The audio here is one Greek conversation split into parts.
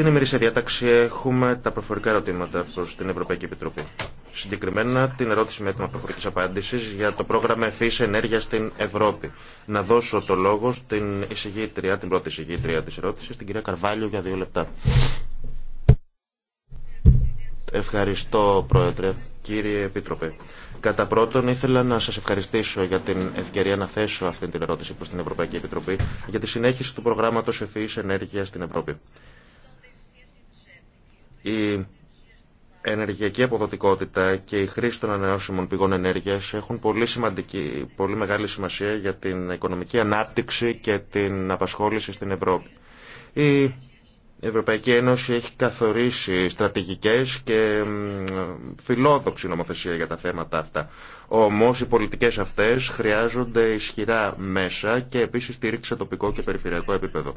Στην ημερήσια διάταξη έχουμε τα προφορικά ερωτήματα προ την Ευρωπαϊκή Επιτροπή. Συγκεκριμένα την ερώτηση με έτοιμα προφορική απάντηση για το πρόγραμμα Ευθύ Ενέργεια στην Ευρώπη. Να δώσω το λόγο στην εισηγήτρια, την πρώτη εισηγήτρια τη ερώτηση, την κυρία Καρβάλιο, για δύο λεπτά. Ευχαριστώ, Πρόεδρε. Κύριε Επίτροπε, κατά πρώτον ήθελα να σας ευχαριστήσω για την ευκαιρία να θέσω αυτή την ερώτηση προς την Ευρωπαϊκή Επιτροπή για τη συνέχιση του προγράμματος ευφυής ενέργειας στην Ευρώπη. Η ενεργειακή αποδοτικότητα και η χρήση των ανανεώσιμων πηγών ενέργειας έχουν πολύ, σημαντική, πολύ μεγάλη σημασία για την οικονομική ανάπτυξη και την απασχόληση στην Ευρώπη. Η Ευρωπαϊκή Ένωση έχει καθορίσει στρατηγικές και φιλόδοξη νομοθεσία για τα θέματα αυτά. Όμως οι πολιτικές αυτές χρειάζονται ισχυρά μέσα και επίσης στήριξη σε τοπικό και περιφερειακό επίπεδο.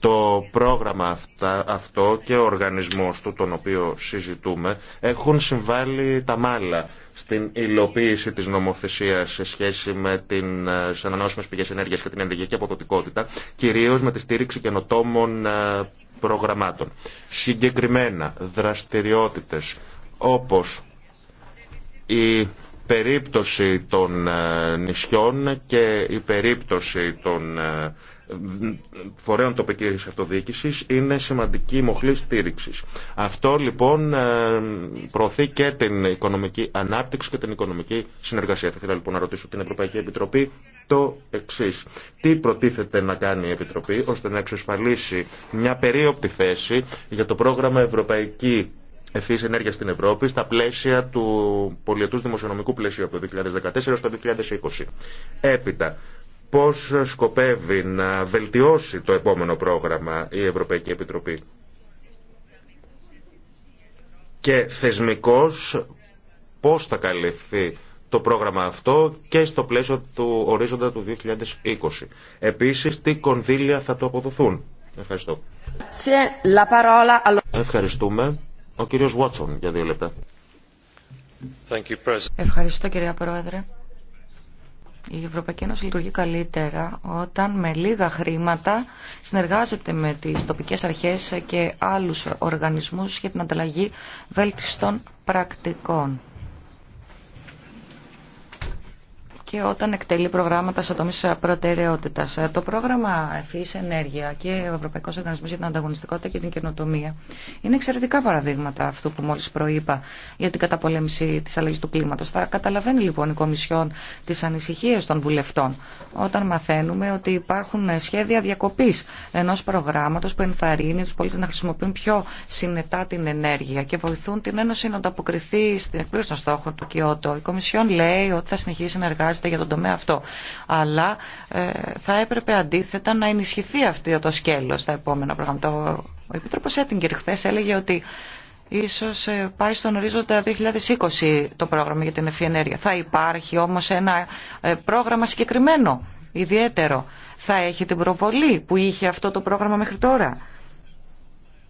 Το πρόγραμμα αυτά, αυτό και ο οργανισμός του, τον οποίο συζητούμε, έχουν συμβάλει τα μάλα στην υλοποίηση της νομοθεσίας σε σχέση με ε, τι ανανεώσιμε πηγές ενέργειας και την ενεργειακή αποδοτικότητα, κυρίως με τη στήριξη καινοτόμων ε, προγραμμάτων. Συγκεκριμένα δραστηριότητες όπως η περίπτωση των ε, νησιών και η περίπτωση των ε, φορέων τοπική αυτοδιοίκηση είναι σημαντική μοχλή στήριξη. Αυτό λοιπόν ε, προωθεί και την οικονομική ανάπτυξη και την οικονομική συνεργασία. Θα ήθελα λοιπόν να ρωτήσω την Ευρωπαϊκή Επιτροπή το εξή. Τι προτίθεται να κάνει η Επιτροπή ώστε να εξασφαλίσει μια περίοπτη θέση για το πρόγραμμα Ευρωπαϊκή ευθύ ενέργεια στην Ευρώπη στα πλαίσια του πολιετού δημοσιονομικού πλαισίου από το 2014 έω το 2020. Έπειτα, πώς σκοπεύει να βελτιώσει το επόμενο πρόγραμμα η Ευρωπαϊκή Επιτροπή. Και θεσμικώς πώς θα καλυφθεί το πρόγραμμα αυτό και στο πλαίσιο του ορίζοντα του 2020. Επίσης, τι κονδύλια θα το αποδοθούν. Ευχαριστώ. Ευχαριστούμε. Ο κύριος Βότσον για δύο λεπτά. Ευχαριστώ κύριε Πρόεδρε. Η Ευρωπαϊκή Ένωση λειτουργεί καλύτερα όταν με λίγα χρήματα συνεργάζεται με τις τοπικές αρχές και άλλους οργανισμούς για την ανταλλαγή βέλτιστων πρακτικών. και όταν εκτελεί προγράμματα σε τομεί προτεραιότητας. Ε, το πρόγραμμα Εφής Ενέργεια και ο Ευρωπαϊκό Οργανισμό για την Ανταγωνιστικότητα και την Καινοτομία είναι εξαιρετικά παραδείγματα αυτού που μόλι προείπα για την καταπολέμηση τη αλλαγή του κλίματο. Θα καταλαβαίνει λοιπόν η Κομισιόν τι ανησυχίε των βουλευτών όταν μαθαίνουμε ότι υπάρχουν σχέδια διακοπή ενό προγράμματο που ενθαρρύνει του πολίτε να χρησιμοποιούν πιο συνετά την ενέργεια και βοηθούν την Ένωση να ανταποκριθεί στην εκπλήρωση των στόχων του Κιώτο. Η Κομισιόν λέει ότι θα συνεχίσει να εργάζεται για τον τομέα αυτό. Αλλά ε, θα έπρεπε αντίθετα να ενισχυθεί αυτό το σκέλος στα επόμενα προγράμματα. Ο Επίτροπος Έτιγκερ χθε έλεγε ότι ίσως ε, πάει στον ορίζοντα 2020 το πρόγραμμα για την ευφυενέργεια. Θα υπάρχει όμως ένα ε, πρόγραμμα συγκεκριμένο, ιδιαίτερο. Θα έχει την προβολή που είχε αυτό το πρόγραμμα μέχρι τώρα.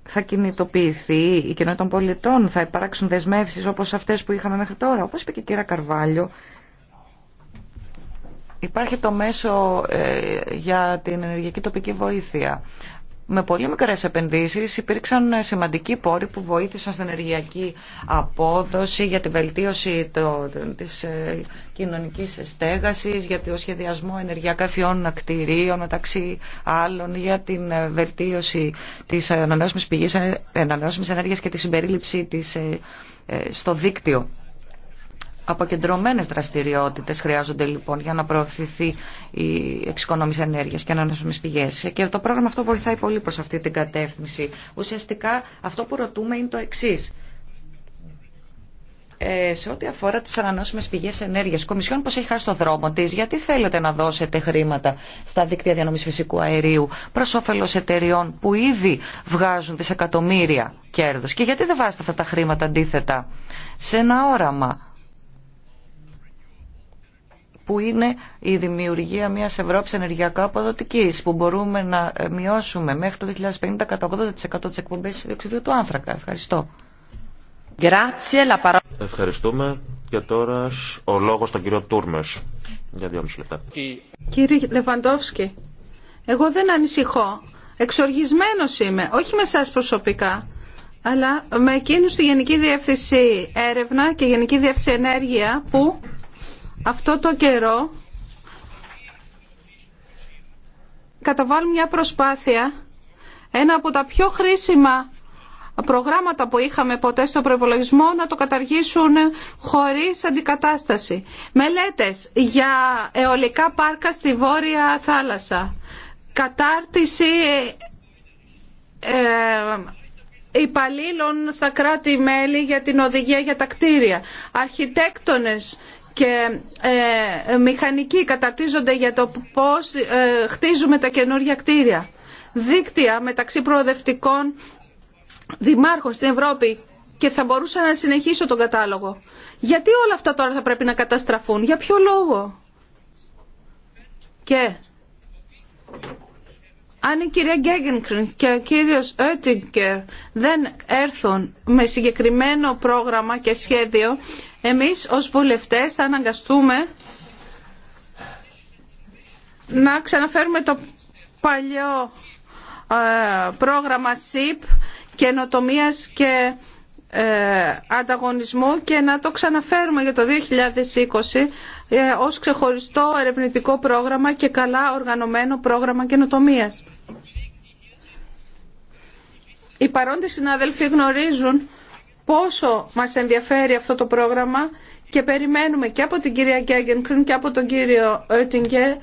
Θα κινητοποιηθεί η κοινότητα των πολιτών, θα υπάρξουν δεσμεύσει όπω αυτέ που είχαμε μέχρι τώρα. Όπω είπε και η κυρία Καρβάλιο, Υπάρχει το μέσο ε, για την ενεργειακή τοπική βοήθεια. Με πολύ μικρές επενδύσεις υπήρξαν σημαντικοί πόροι που βοήθησαν στην ενεργειακή απόδοση, για τη βελτίωση της ε, κοινωνικής στέγασης, για το σχεδιασμό ενεργειακά φιών κτηρίων μεταξύ άλλων, για την βελτίωση της ανανεώσιμης πηγής, ε, ανανεώσιμης ενέργειας και τη συμπερίληψή της στο δίκτυο Αποκεντρωμένε δραστηριότητε χρειάζονται λοιπόν για να προωθηθεί η εξοικονόμηση ενέργεια και ανανεώσιμε πηγές. Και το πρόγραμμα αυτό βοηθάει πολύ προ αυτή την κατεύθυνση. Ουσιαστικά αυτό που ρωτούμε είναι το εξή. Ε, σε ό,τι αφορά τι ανανεώσιμε πηγέ ενέργεια, η Κομισιόν πώ έχει χάσει το δρόμο τη, γιατί θέλετε να δώσετε χρήματα στα δίκτυα διανομή φυσικού αερίου προ όφελο εταιριών που ήδη βγάζουν δισεκατομμύρια κέρδο και γιατί δεν βάζετε αυτά τα χρήματα αντίθετα σε ένα όραμα που είναι η δημιουργία μιας Ευρώπης ενεργειακά αποδοτικής, που μπορούμε να ε, μειώσουμε μέχρι το 2050 κατά 80% της εκπομπής διοξιδίου του άνθρακα. Ευχαριστώ. Ευχαριστούμε και τώρα ο λόγος στον κύριο Τούρμες για μισή λεπτά. Κύριε Λεβαντόφσκι, εγώ δεν ανησυχώ. Εξοργισμένος είμαι, όχι με εσάς προσωπικά, αλλά με εκείνους στη Γενική Διεύθυνση Έρευνα και Γενική Διεύθυνση Ενέργεια που αυτό το καιρό καταβάλουν μια προσπάθεια, ένα από τα πιο χρήσιμα προγράμματα που είχαμε ποτέ στο προπολογισμό να το καταργήσουν χωρίς αντικατάσταση. Μελέτες για αιωλικά πάρκα στη Βόρεια Θάλασσα. Κατάρτιση ε, υπαλλήλων στα κράτη-μέλη για την οδηγία για τα κτίρια. Αρχιτέκτονες και ε, μηχανικοί καταρτίζονται για το πώς ε, χτίζουμε τα καινούργια κτίρια. Δίκτυα μεταξύ προοδευτικών δημάρχων στην Ευρώπη και θα μπορούσα να συνεχίσω τον κατάλογο. Γιατί όλα αυτά τώρα θα πρέπει να καταστραφούν, για ποιο λόγο. Και αν η κυρία Γκέγενκριν και ο κύριος Ότιγκερ δεν έρθουν με συγκεκριμένο πρόγραμμα και σχέδιο εμείς ως βουλευτές θα αναγκαστούμε να ξαναφέρουμε το παλιό ε, πρόγραμμα SIP καινοτομίας και ε, ανταγωνισμού και να το ξαναφέρουμε για το 2020 ε, ως ξεχωριστό ερευνητικό πρόγραμμα και καλά οργανωμένο πρόγραμμα καινοτομίας. Οι παρόντες συνάδελφοι γνωρίζουν πόσο μας ενδιαφέρει αυτό το πρόγραμμα και περιμένουμε και από την κυρία Γκέγγενκρουν και από τον κύριο Ότιγκε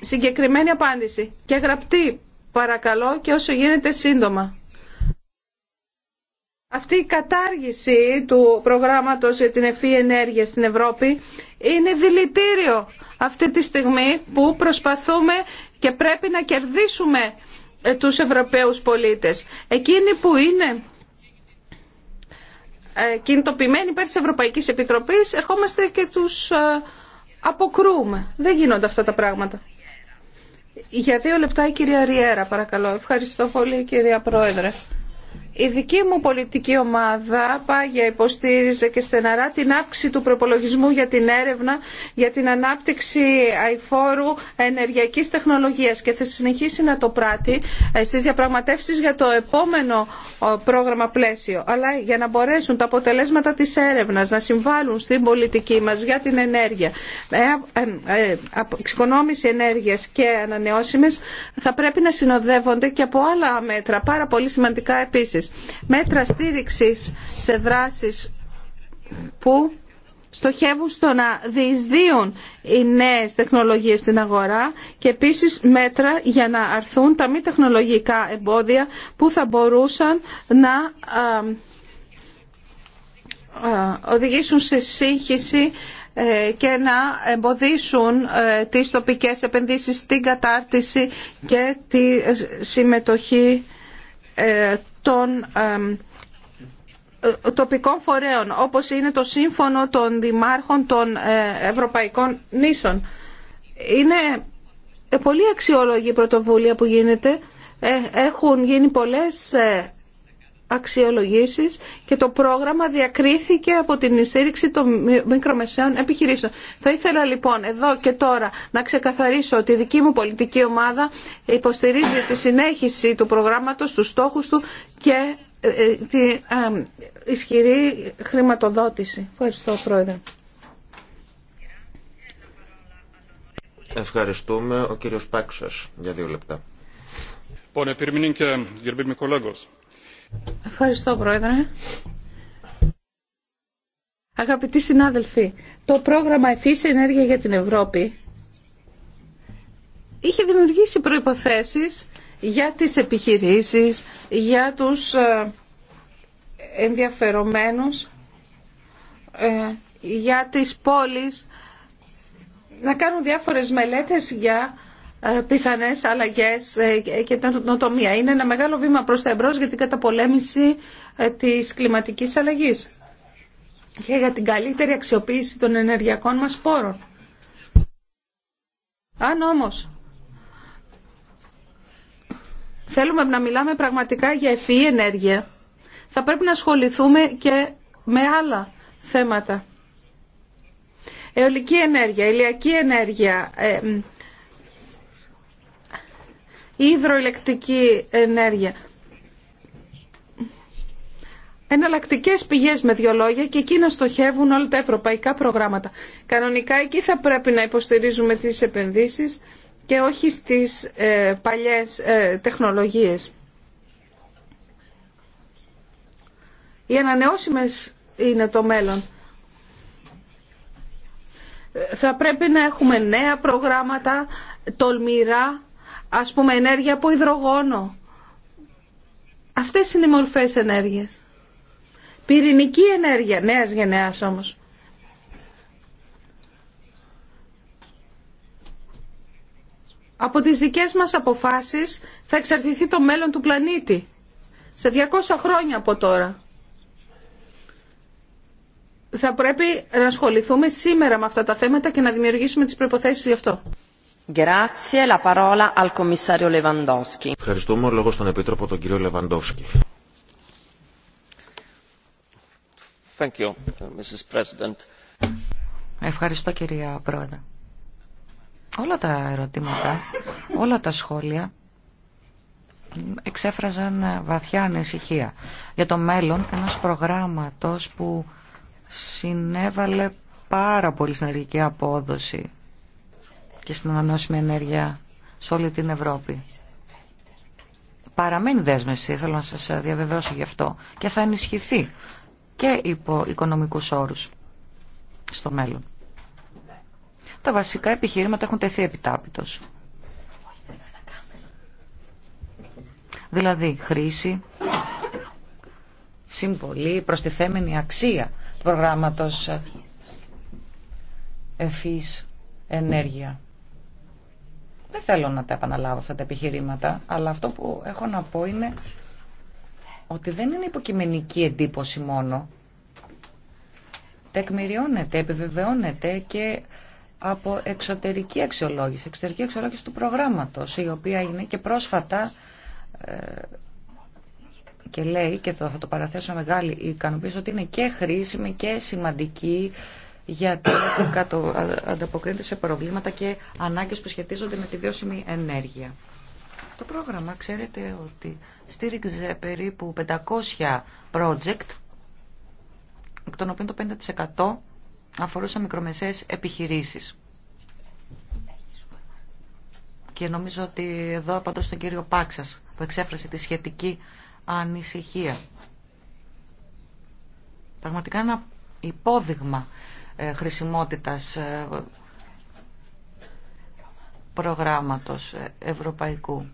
συγκεκριμένη απάντηση και γραπτή παρακαλώ και όσο γίνεται σύντομα. Αυτή η κατάργηση του προγράμματος για την ευφύ ενέργεια στην Ευρώπη είναι δηλητήριο αυτή τη στιγμή που προσπαθούμε και πρέπει να κερδίσουμε ε, τους Ευρωπαίους πολίτες. Εκείνοι που είναι ε, κινητοποιημένοι υπέρ τη Ευρωπαϊκής Επιτροπής ερχόμαστε και τους ε, αποκρούμε. Δεν γίνονται αυτά τα πράγματα. Για δύο λεπτά η κυρία Ριέρα παρακαλώ. Ευχαριστώ πολύ κυρία Πρόεδρε. Η δική μου πολιτική ομάδα πάγια υποστήριζε και στεναρά την αύξηση του προπολογισμού για την έρευνα, για την ανάπτυξη αηφόρου ενεργειακής τεχνολογίας και θα συνεχίσει να το πράττει ε, στις διαπραγματεύσεις για το επόμενο πρόγραμμα πλαίσιο. Αλλά για να μπορέσουν τα αποτελέσματα της έρευνας να συμβάλλουν στην πολιτική μας για την ενέργεια, ε, ε, εξοικονόμηση ενέργειας και ανανεώσιμες, θα πρέπει να συνοδεύονται και από άλλα μέτρα, πάρα πολύ σημαντικά επίσης Μέτρα στήριξης σε δράσεις που στοχεύουν στο να διεισδύουν οι νέες τεχνολογίες στην αγορά και επίσης μέτρα για να αρθούν τα μη τεχνολογικά εμπόδια που θα μπορούσαν να οδηγήσουν σε σύγχυση ε, και να εμποδίσουν ε, τις τοπικές επενδύσεις στην κατάρτιση και τη ε, συμμετοχή των ε, τοπικών φορέων, όπως είναι το Σύμφωνο των Δημάρχων των ε, Ευρωπαϊκών Νήσων. Είναι ε, πολύ αξιόλογη η πρωτοβούλια που γίνεται. Έχουν γίνει πολλές αξιολογήσεις και το πρόγραμμα διακρίθηκε από την στήριξη των μικρομεσαίων επιχειρήσεων. Θα ήθελα λοιπόν εδώ και τώρα να ξεκαθαρίσω ότι η δική μου πολιτική ομάδα υποστηρίζει τη συνέχιση του προγράμματος, τους στόχους του και ε, ε, τη ε, ισχυρή χρηματοδότηση. Ευχαριστώ Πρόεδρε. Ευχαριστούμε. Ο κύριος Πάξας για δύο λεπτά. Ευχαριστώ, Πρόεδρε. Αγαπητοί συνάδελφοι, το πρόγραμμα Εφής Ενέργεια για την Ευρώπη είχε δημιουργήσει προϋποθέσεις για τις επιχειρήσεις, για τους ε, ενδιαφερομένους, ε, για τις πόλεις, να κάνουν διάφορες μελέτες για ε, πιθανές αλλαγές ε, και την νοτομία. Είναι ένα μεγάλο βήμα προς τα εμπρός για την καταπολέμηση ε, της κλιματικής αλλαγής και για την καλύτερη αξιοποίηση των ενεργειακών μας πόρων. Αν όμως θέλουμε να μιλάμε πραγματικά για ευφυή ενέργεια, θα πρέπει να ασχοληθούμε και με άλλα θέματα. Αιωλική ενέργεια, ηλιακή ενέργεια, η υδροελεκτρική ενέργεια. Εναλλακτικέ πηγέ με δύο λόγια και εκεί να στοχεύουν όλα τα ευρωπαϊκά προγράμματα. Κανονικά εκεί θα πρέπει να υποστηρίζουμε τι επενδύσει και όχι στι ε, παλιέ ε, τεχνολογίε. Οι ανανεώσιμε είναι το μέλλον. Θα πρέπει να έχουμε νέα προγράμματα, τολμηρά ας πούμε ενέργεια από υδρογόνο. Αυτές είναι οι μορφές ενέργειας. Πυρηνική ενέργεια, νέας γενεάς όμως. Από τις δικές μας αποφάσεις θα εξαρτηθεί το μέλλον του πλανήτη. Σε 200 χρόνια από τώρα. Θα πρέπει να ασχοληθούμε σήμερα με αυτά τα θέματα και να δημιουργήσουμε τις προϋποθέσεις γι' αυτό. La parola al Ευχαριστούμε. Λόγω στον Επίτροπο, τον κύριο Λεβαντόφσκι. Thank you, Mrs. President. Ευχαριστώ κυρία Πρόεδρε. Όλα τα ερωτήματα, όλα τα σχόλια εξέφραζαν βαθιά ανησυχία για το μέλλον ενός προγράμματος που συνέβαλε πάρα πολύ συνεργική απόδοση και στην ανανεώσιμη ενέργεια σε όλη την Ευρώπη. Παραμένει δέσμευση, θέλω να σας διαβεβαιώσω γι' αυτό, και θα ενισχυθεί και υπό οικονομικούς όρους στο μέλλον. Τα βασικά επιχειρήματα έχουν τεθεί επιτάπητος. Δηλαδή, χρήση, συμπολή προστιθέμενη αξία του προγράμματος εφής ενέργεια. Δεν θέλω να τα επαναλάβω αυτά τα επιχειρήματα, αλλά αυτό που έχω να πω είναι ότι δεν είναι υποκειμενική εντύπωση μόνο. Τεκμηριώνεται, επιβεβαιώνεται και από εξωτερική αξιολόγηση, εξωτερική αξιολόγηση του προγράμματος, η οποία είναι και πρόσφατα ε, και λέει, και θα το παραθέσω μεγάλη ικανοποίηση, ότι είναι και χρήσιμη και σημαντική γιατί ανταποκρίνεται σε προβλήματα και ανάγκες που σχετίζονται με τη βιώσιμη ενέργεια. Το πρόγραμμα ξέρετε ότι στήριξε περίπου 500 project, εκ των οποίων το 50% αφορούσε μικρομεσαίες επιχειρήσεις. Και νομίζω ότι εδώ απαντώ στον κύριο Πάξας που εξέφρασε τη σχετική ανησυχία. Πραγματικά ένα υπόδειγμα ε, χρησιμότητας ε, προγράμματος ε, ευρωπαϊκού.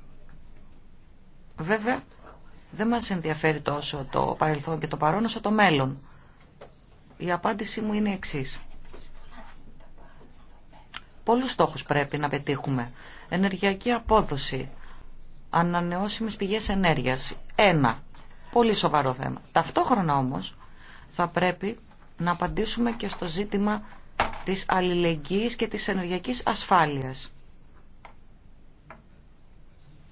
Βέβαια, δεν μας ενδιαφέρει τόσο το παρελθόν και το παρόν όσο το μέλλον. Η απάντησή μου είναι εξής. Πολλούς στόχους πρέπει να πετύχουμε. Ενεργειακή απόδοση, ανανεώσιμες πηγές ενέργειας. Ένα. Πολύ σοβαρό θέμα. Ταυτόχρονα όμως θα πρέπει να απαντήσουμε και στο ζήτημα της αλληλεγγύης και της ενεργειακής ασφάλειας.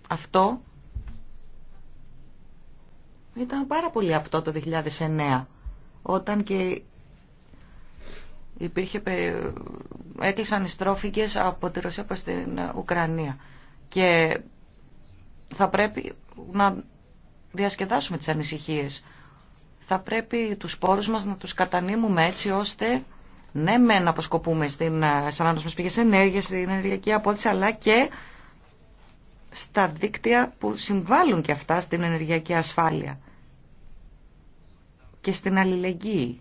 Αυτό ήταν πάρα πολύ απτό το 2009, όταν και υπήρχε, έκλεισαν οι στρόφικες από τη Ρωσία προς την Ουκρανία. Και θα πρέπει να διασκεδάσουμε τις ανησυχίες θα πρέπει τους σπόρους μας να τους κατανείμουμε έτσι ώστε ναι με να αποσκοπούμε στην ε, ανάνωση μας πηγές ενέργεια, στην ενεργειακή απόδειξη αλλά και στα δίκτυα που συμβάλλουν και αυτά στην ενεργειακή ασφάλεια και στην αλληλεγγύη.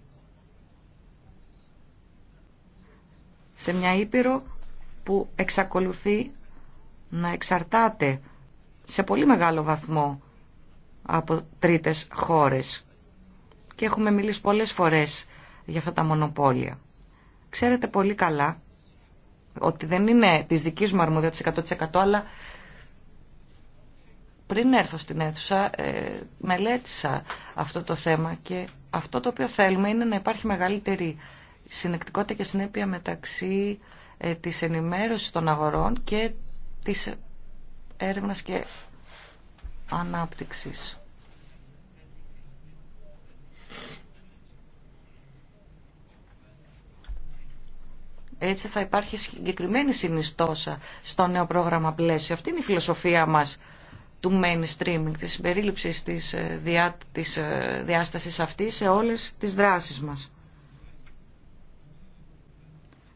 Σε μια Ήπειρο που εξακολουθεί να εξαρτάται σε πολύ μεγάλο βαθμό από τρίτες χώρες και έχουμε μιλήσει πολλές φορές για αυτά τα μονοπόλια. Ξέρετε πολύ καλά ότι δεν είναι της δικής μου αρμοδιότητας 100% αλλά πριν έρθω στην αίθουσα ε, μελέτησα αυτό το θέμα και αυτό το οποίο θέλουμε είναι να υπάρχει μεγαλύτερη συνεκτικότητα και συνέπεια μεταξύ ε, της ενημέρωσης των αγορών και της έρευνας και ανάπτυξης. Έτσι θα υπάρχει συγκεκριμένη συνιστόσα στο νέο πρόγραμμα πλαίσιο. Αυτή είναι η φιλοσοφία μας του mainstreaming, της συμπερίληψης της, ε, διά, της ε, διάστασης αυτής σε όλες τις δράσεις μας.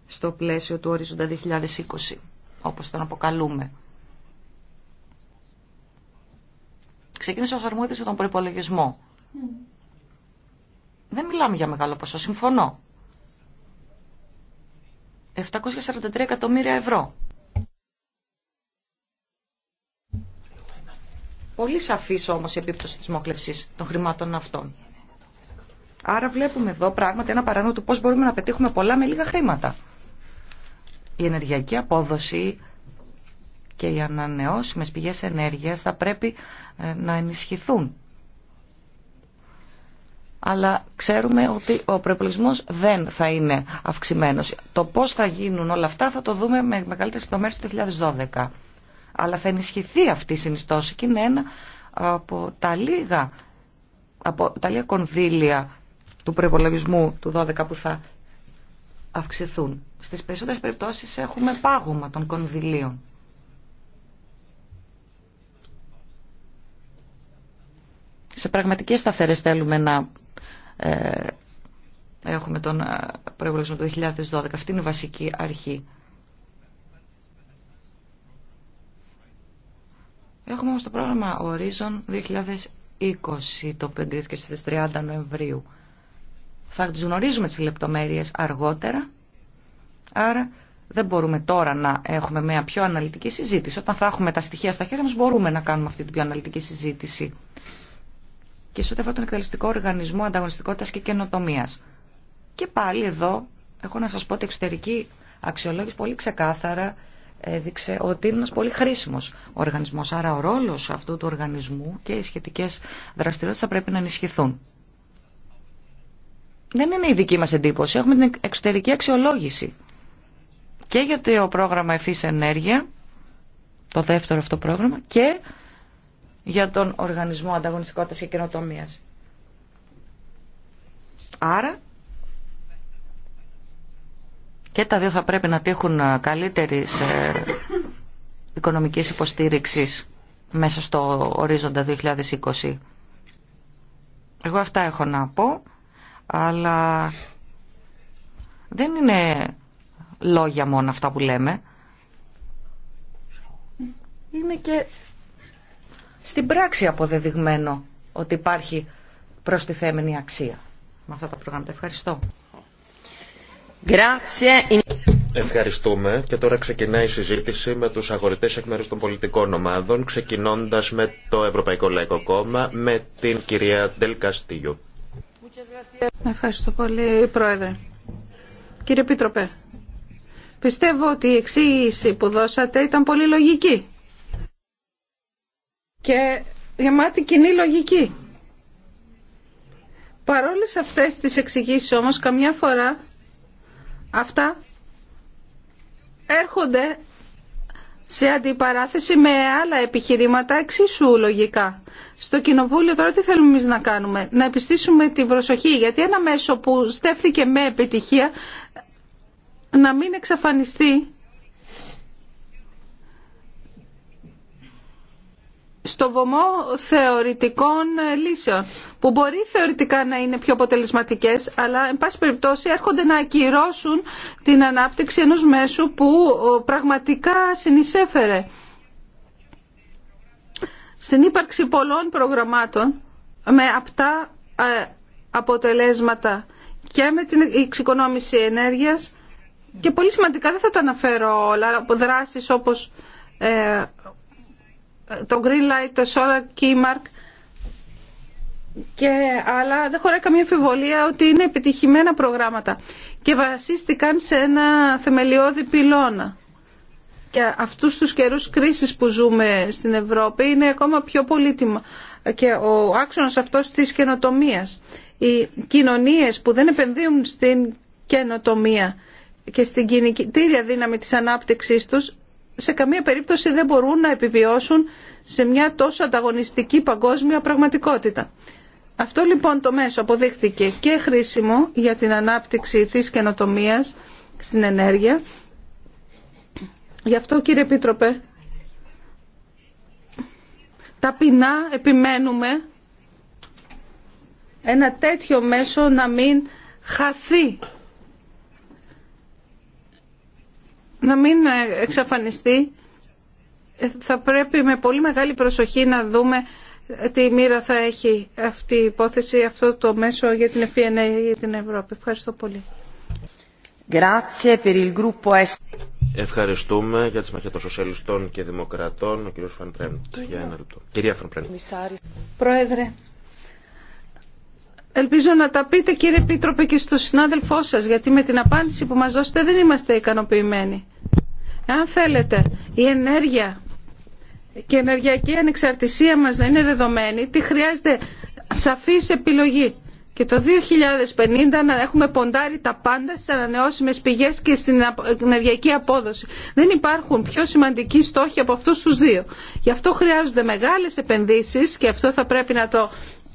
Στο πλαίσιο του ορίζοντα 2020, όπως τον αποκαλούμε. Ξεκίνησε ο αρμόδιος στον τον προπολογισμό. Δεν μιλάμε για μεγάλο ποσό, συμφωνώ. 743 εκατομμύρια ευρώ. Πολύ σαφής όμως η επίπτωση της μόκλευσης των χρημάτων αυτών. Άρα βλέπουμε εδώ πράγματι ένα παράδειγμα του πώς μπορούμε να πετύχουμε πολλά με λίγα χρήματα. Η ενεργειακή απόδοση και οι ανανεώσιμες πηγές ενέργειας θα πρέπει ε, να ενισχυθούν αλλά ξέρουμε ότι ο προπολογισμό δεν θα είναι αυξημένο. Το πώ θα γίνουν όλα αυτά θα το δούμε με μεγαλύτερε λεπτομέρειε το 2012. Αλλά θα ενισχυθεί αυτή η συνιστόση και είναι ένα από τα λίγα, από τα λίγα κονδύλια του προπολογισμού του 2012 που θα αυξηθούν. Στις περισσότερες περιπτώσεις έχουμε πάγωμα των κονδυλίων. Σε πραγματικές σταθερές θέλουμε να ε, έχουμε τον ε, προϋπολογισμό του 2012. Αυτή είναι η βασική αρχή. Έχουμε όμως το πρόγραμμα Horizon 2020, το οποίο εγκρίθηκε στις 30 Νοεμβρίου. Θα τις γνωρίζουμε τις λεπτομέρειες αργότερα, άρα δεν μπορούμε τώρα να έχουμε μια πιο αναλυτική συζήτηση. Όταν θα έχουμε τα στοιχεία στα χέρια μας μπορούμε να κάνουμε αυτή την πιο αναλυτική συζήτηση και σε ό,τι αφορά τον εκτελεστικό οργανισμό ανταγωνιστικότητα και καινοτομία. Και πάλι εδώ έχω να σα πω ότι η εξωτερική αξιολόγηση πολύ ξεκάθαρα έδειξε ότι είναι ένα πολύ χρήσιμο οργανισμό. Άρα ο ρόλο αυτού του οργανισμού και οι σχετικέ δραστηριότητε θα πρέπει να ενισχυθούν. Δεν είναι η δική μα εντύπωση. Έχουμε την εξωτερική αξιολόγηση. Και για το πρόγραμμα Εφής Ενέργεια, το δεύτερο αυτό πρόγραμμα, και για τον Οργανισμό Ανταγωνιστικότητας και Καινοτομίας. Άρα και τα δύο θα πρέπει να τύχουν ε, καλύτερης ε, οικονομικής υποστήριξης μέσα στο ορίζοντα 2020. Εγώ αυτά έχω να πω, αλλά δεν είναι λόγια μόνο αυτά που λέμε. Είναι και στην πράξη αποδεδειγμένο ότι υπάρχει προστιθέμενη αξία. Με αυτά τα προγράμματα. Ευχαριστώ. Ευχαριστούμε και τώρα ξεκινάει η συζήτηση με τους αγορητές εκ μέρους των πολιτικών ομάδων ξεκινώντας με το Ευρωπαϊκό Λαϊκό Κόμμα με την κυρία Ντελ Καστίγιο. Ευχαριστώ πολύ Πρόεδρε. Κύριε Πίτροπε, πιστεύω ότι η εξήγηση που δώσατε ήταν πολύ λογική και γεμάτη κοινή λογική. Παρόλες αυτές τις εξηγήσει όμως, καμιά φορά αυτά έρχονται σε αντιπαράθεση με άλλα επιχειρήματα εξίσου λογικά. Στο Κοινοβούλιο τώρα τι θέλουμε εμείς να κάνουμε. Να επιστήσουμε την προσοχή γιατί ένα μέσο που στέφθηκε με επιτυχία να μην εξαφανιστεί στο βωμό θεωρητικών ε, λύσεων που μπορεί θεωρητικά να είναι πιο αποτελεσματικές αλλά εν πάση περιπτώσει έρχονται να ακυρώσουν την ανάπτυξη ενός μέσου που πραγματικά συνεισέφερε στην ύπαρξη πολλών προγραμμάτων με απτά ε, αποτελέσματα και με την εξοικονόμηση ενέργειας και πολύ σημαντικά δεν θα τα αναφέρω όλα δράσεις όπως ε, το Green Light, το Solar Keymark και άλλα, δεν χωράει καμία αμφιβολία ότι είναι επιτυχημένα προγράμματα και βασίστηκαν σε ένα θεμελιώδη πυλώνα. Και αυτούς τους καιρούς κρίσης που ζούμε στην Ευρώπη είναι ακόμα πιο πολύτιμα και ο άξονας αυτός της καινοτομίας. Οι κοινωνίες που δεν επενδύουν στην καινοτομία και στην κινητήρια δύναμη της ανάπτυξής τους σε καμία περίπτωση δεν μπορούν να επιβιώσουν σε μια τόσο ανταγωνιστική παγκόσμια πραγματικότητα. Αυτό λοιπόν το μέσο αποδείχθηκε και χρήσιμο για την ανάπτυξη της καινοτομίας στην ενέργεια. Γι' αυτό κύριε Επίτροπε, ταπεινά επιμένουμε ένα τέτοιο μέσο να μην χαθεί να μην εξαφανιστεί. Θα πρέπει με πολύ μεγάλη προσοχή να δούμε τι μοίρα θα έχει αυτή η υπόθεση, αυτό το μέσο για την FNA για την Ευρώπη. Ευχαριστώ πολύ. Ευχαριστούμε για τη συμμαχία των Σοσιαλιστών και Δημοκρατών, ο κ. Φανπρέντ, για ένα λεπτό. Κυρία Φανπρέντ. Πρόεδρε, Ελπίζω να τα πείτε κύριε Επίτροπε και στο συνάδελφό σας, γιατί με την απάντηση που μας δώσετε δεν είμαστε ικανοποιημένοι. Αν θέλετε η ενέργεια και η ενεργειακή ανεξαρτησία μας να είναι δεδομένη, τι χρειάζεται σαφής επιλογή. Και το 2050 να έχουμε ποντάρει τα πάντα στις ανανεώσιμες πηγές και στην ενεργειακή απόδοση. Δεν υπάρχουν πιο σημαντικοί στόχοι από αυτούς τους δύο. Γι' αυτό χρειάζονται μεγάλες επενδύσεις και αυτό θα πρέπει να το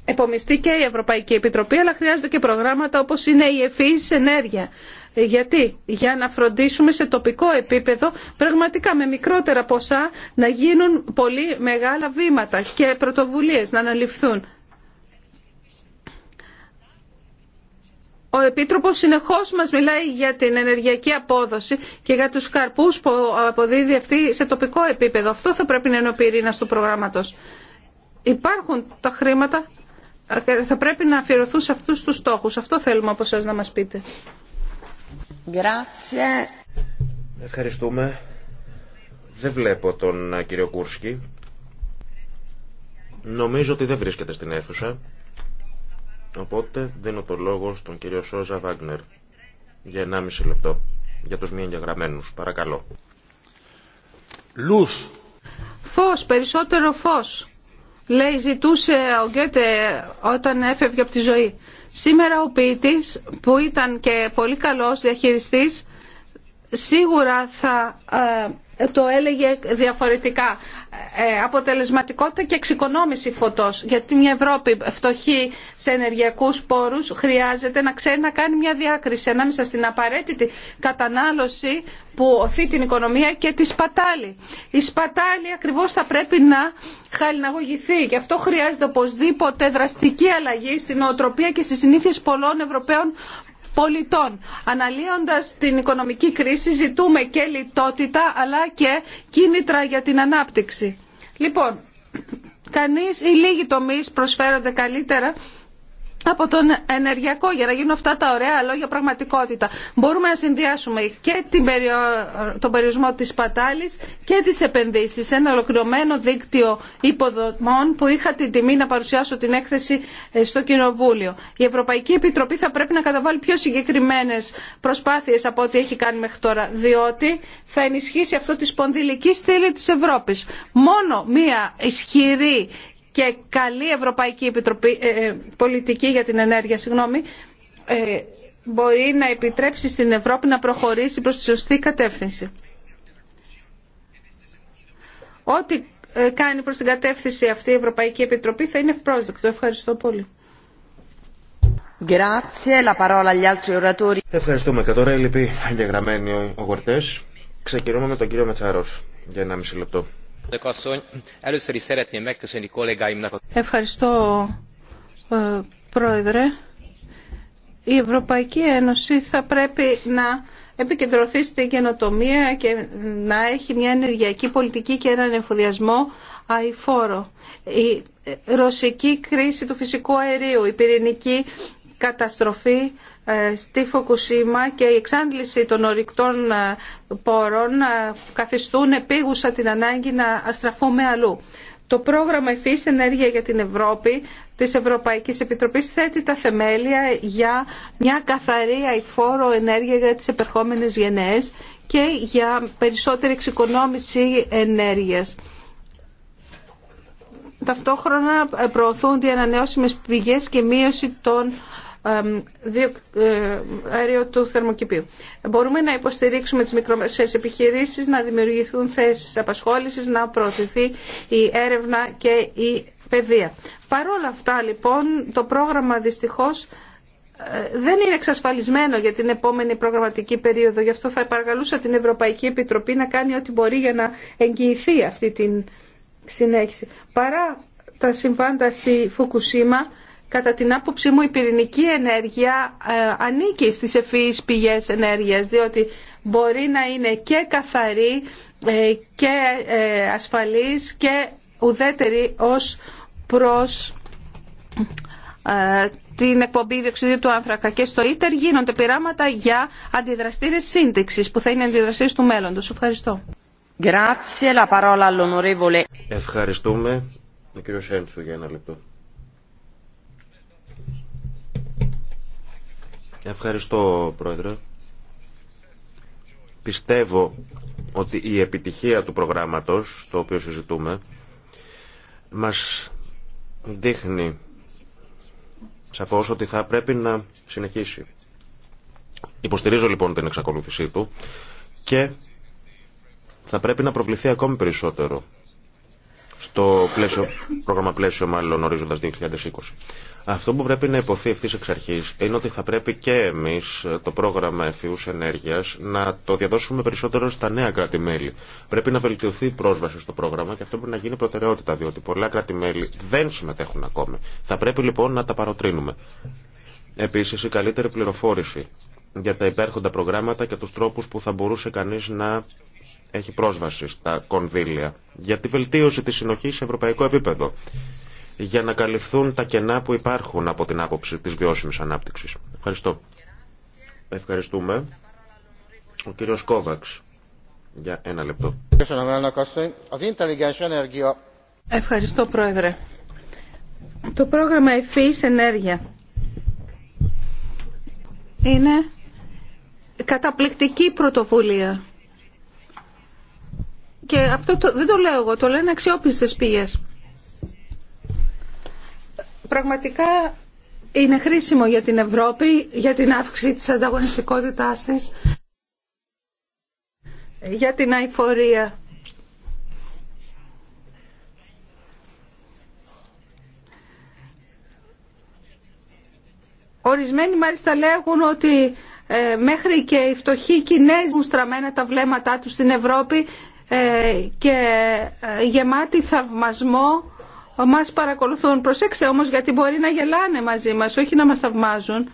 επομιστεί και η Ευρωπαϊκή Επιτροπή, αλλά χρειάζονται και προγράμματα όπως είναι η ευφυής ενέργεια. Γιατί, για να φροντίσουμε σε τοπικό επίπεδο, πραγματικά με μικρότερα ποσά, να γίνουν πολύ μεγάλα βήματα και πρωτοβουλίες να αναλυφθούν. Ο Επίτροπος συνεχώς μας μιλάει για την ενεργειακή απόδοση και για τους καρπούς που αποδίδει αυτή σε τοπικό επίπεδο. Αυτό θα πρέπει να είναι ο πυρήνας του προγράμματος. Υπάρχουν τα χρήματα ε, θα πρέπει να αφιερωθούν σε αυτούς τους στόχους. Αυτό θέλουμε από σας να μας πείτε. Ευχαριστούμε. Δεν βλέπω τον ε, κύριο Κούρσκι. Νομίζω ότι δεν βρίσκεται στην αίθουσα. Οπότε δίνω το λόγο στον κύριο Σόζα Βάγνερ για 1,5 λεπτό για τους μη εγγεγραμμένους. Παρακαλώ. Λουθ. Φως, περισσότερο φως λέει ζητούσε ο Γκέτε όταν έφευγε από τη ζωή. Σήμερα ο ποιητής που ήταν και πολύ καλός διαχειριστής σίγουρα θα ε, το έλεγε διαφορετικά. Ε, αποτελεσματικότητα και εξοικονόμηση φωτός. Γιατί μια Ευρώπη φτωχή σε ενεργειακούς πόρους χρειάζεται να ξέρει να κάνει μια διάκριση ανάμεσα στην απαραίτητη κατανάλωση που οθεί την οικονομία και τη σπατάλη. Η σπατάλη ακριβώς θα πρέπει να χαλιναγωγηθεί. Γι' αυτό χρειάζεται οπωσδήποτε δραστική αλλαγή στην οτροπία και στις συνήθειες πολλών Ευρωπαίων πολιτών. Αναλύοντας την οικονομική κρίση ζητούμε και λιτότητα αλλά και κίνητρα για την ανάπτυξη. Λοιπόν, κανείς ή λίγοι τομείς προσφέρονται καλύτερα από τον ενεργειακό για να γίνουν αυτά τα ωραία λόγια πραγματικότητα. Μπορούμε να συνδυάσουμε και την τον περιορισμό της πατάλης και τις επενδύσεις. Ένα ολοκληρωμένο δίκτυο υποδομών που είχα την τιμή να παρουσιάσω την έκθεση ε, στο Κοινοβούλιο. Η Ευρωπαϊκή Επιτροπή θα πρέπει να καταβάλει πιο συγκεκριμένες προσπάθειες από ό,τι έχει κάνει μέχρι τώρα, διότι θα ενισχύσει αυτό τη σπονδυλική στήλη της Ευρώπης. Μόνο μία ισχυρή και καλή Ευρωπαϊκή Επιτροπή, ε, ε, Πολιτική για την Ενέργεια συγγνώμη, ε, μπορεί να επιτρέψει στην Ευρώπη να προχωρήσει προς τη σωστή κατεύθυνση. Ό,τι ε, κάνει προς την κατεύθυνση αυτή η Ευρωπαϊκή Επιτροπή θα είναι ευπρόσδεκτο. Ευχαριστώ πολύ. Ευχαριστούμε. Και τώρα οι λοιποί ο αγορτές. Ξεκινούμε με τον κύριο Μετσαρός για ένα μισή λεπτό. Ευχαριστώ, ε, Πρόεδρε. Η Ευρωπαϊκή Ένωση θα πρέπει να επικεντρωθεί στην καινοτομία και να έχει μια ενεργειακή πολιτική και έναν εφοδιασμό αηφόρο. Η ρωσική κρίση του φυσικού αερίου, η πυρηνική καταστροφή ε, στη Φοκουσίμα και η εξάντληση των ορυκτών ε, πόρων ε, καθιστούν επίγουσα την ανάγκη να αστραφούμε αλλού. Το πρόγραμμα Εφής Ενέργεια για την Ευρώπη της Ευρωπαϊκής Επιτροπής θέτει τα θεμέλια για μια καθαρή αηφόρο ενέργεια για τις επερχόμενες γενναίες και για περισσότερη εξοικονόμηση ενέργειας. Ταυτόχρονα προωθούνται πηγές και μείωση των ε, αέριο του θερμοκηπίου. Μπορούμε να υποστηρίξουμε τις μικρομεσαίες επιχειρήσεις, να δημιουργηθούν θέσεις απασχόλησης, να προωθηθεί η έρευνα και η παιδεία. όλα αυτά λοιπόν το πρόγραμμα δυστυχώς ε, δεν είναι εξασφαλισμένο για την επόμενη προγραμματική περίοδο. Γι' αυτό θα παρακαλούσα την Ευρωπαϊκή Επιτροπή να κάνει ό,τι μπορεί για να εγγυηθεί αυτή την συνέχιση. Παρά τα συμβάντα στη Φουκουσίμα, Κατά την άποψή μου η πυρηνική ενέργεια ε, ανήκει στις ευφυείς πηγές ενέργειας διότι μπορεί να είναι και καθαρή ε, και ε, ασφαλής και ουδέτερη ως προς την εκπομπή διοξιδίου του άνθρακα και στο ίτερ γίνονται πειράματα για αντιδραστήρες σύνδεξης που θα είναι αντιδραστήρες του μέλλοντος. Ευχαριστώ. Ευχαριστούμε. Κύριο για ένα λεπτό. Ευχαριστώ, Πρόεδρε. Πιστεύω ότι η επιτυχία του προγράμματος, το οποίο συζητούμε, μας δείχνει σαφώς ότι θα πρέπει να συνεχίσει. Υποστηρίζω λοιπόν την εξακολούθησή του και θα πρέπει να προβληθεί ακόμη περισσότερο στο πλαίσιο, πρόγραμμα πλαίσιο μάλλον ορίζοντας 2020. Αυτό που πρέπει να υποθεί ευθύ εξ αρχή είναι ότι θα πρέπει και εμεί το πρόγραμμα ευθύου ενέργεια να το διαδώσουμε περισσότερο στα νέα κράτη-μέλη. Πρέπει να βελτιωθεί η πρόσβαση στο πρόγραμμα και αυτό πρέπει να γίνει προτεραιότητα, διότι πολλά κράτη-μέλη δεν συμμετέχουν ακόμα. Θα πρέπει λοιπόν να τα παροτρύνουμε. Επίση, η καλύτερη πληροφόρηση για τα υπέρχοντα προγράμματα και του τρόπου που θα μπορούσε κανεί να έχει πρόσβαση στα κονδύλια για τη βελτίωση της συνοχής σε ευρωπαϊκό επίπεδο για να καλυφθούν τα κενά που υπάρχουν από την άποψη της βιώσιμης ανάπτυξης. Ευχαριστώ. Ευχαριστούμε. Ο κύριος Κόβαξ για ένα λεπτό. Ευχαριστώ Πρόεδρε. Το πρόγραμμα Εφής Ενέργεια είναι καταπληκτική πρωτοβουλία και αυτό το, δεν το λέω εγώ, το λένε αξιόπιστες πηγές. Πραγματικά είναι χρήσιμο για την Ευρώπη, για την αύξηση της ανταγωνιστικότητάς της, για την αηφορία. Ορισμένοι μάλιστα λέγουν ότι ε, μέχρι και οι φτωχοί Κινέζοι στραμμένα τα βλέμματά τους στην Ευρώπη ε, και ε, γεμάτη θαυμασμό μας παρακολουθούν. Προσέξτε όμως γιατί μπορεί να γελάνε μαζί μας, όχι να μας θαυμάζουν.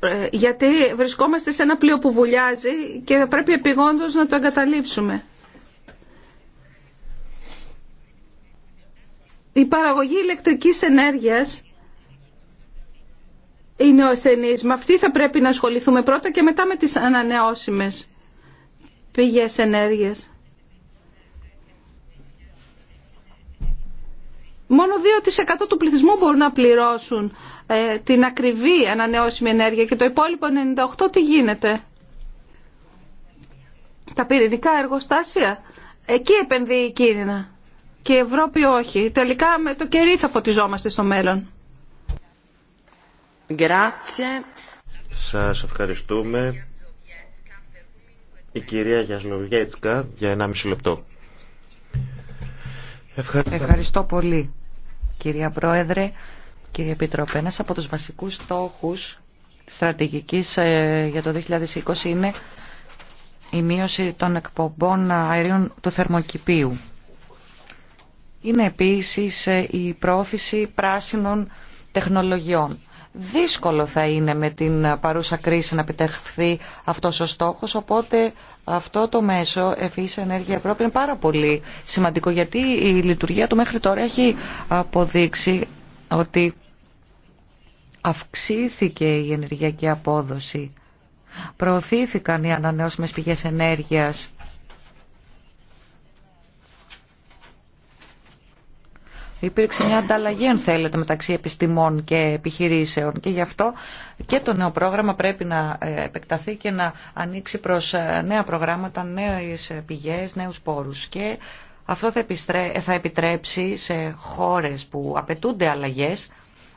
Ε, γιατί βρισκόμαστε σε ένα πλοίο που βουλιάζει και θα πρέπει επιγόντως να το εγκαταλείψουμε. Η παραγωγή ηλεκτρικής ενέργειας είναι ο ασθενής. Με αυτή θα πρέπει να ασχοληθούμε πρώτα και μετά με τις ανανεώσιμες πηγές ενέργειας. Μόνο 2% του πληθυσμού μπορούν να πληρώσουν ε, την ακριβή ανανεώσιμη ενέργεια και το υπόλοιπο 98% τι γίνεται. Τα πυρηνικά εργοστάσια, εκεί επενδύει η Κίνα και η Ευρώπη όχι. Τελικά με το κερί θα φωτιζόμαστε στο μέλλον. Grazie. Σας ευχαριστούμε η κυρία Γιασλοβιέτσκα για 1,5 λεπτό. Ευχαριστώ. πολύ κυρία Πρόεδρε, κύριε Επιτροπέ. Ένας από τους βασικούς στόχους στρατηγικής ε, για το 2020 είναι η μείωση των εκπομπών αερίων του θερμοκηπίου. Είναι επίσης ε, η πρόθεση πράσινων τεχνολογιών δύσκολο θα είναι με την παρούσα κρίση να επιτευχθεί αυτός ο στόχος, οπότε αυτό το μέσο ευφύης ενέργεια Ευρώπη είναι πάρα πολύ σημαντικό γιατί η λειτουργία του μέχρι τώρα έχει αποδείξει ότι αυξήθηκε η ενεργειακή απόδοση, προωθήθηκαν οι ανανεώσιμες πηγές ενέργειας, Υπήρξε μια ανταλλαγή, αν θέλετε, μεταξύ επιστημών και επιχειρήσεων και γι' αυτό και το νέο πρόγραμμα πρέπει να ε, επεκταθεί και να ανοίξει προς ε, νέα προγράμματα, νέες ε, πηγές, νέους πόρους. Και αυτό θα, επιτρέψει σε χώρες που απαιτούνται αλλαγέ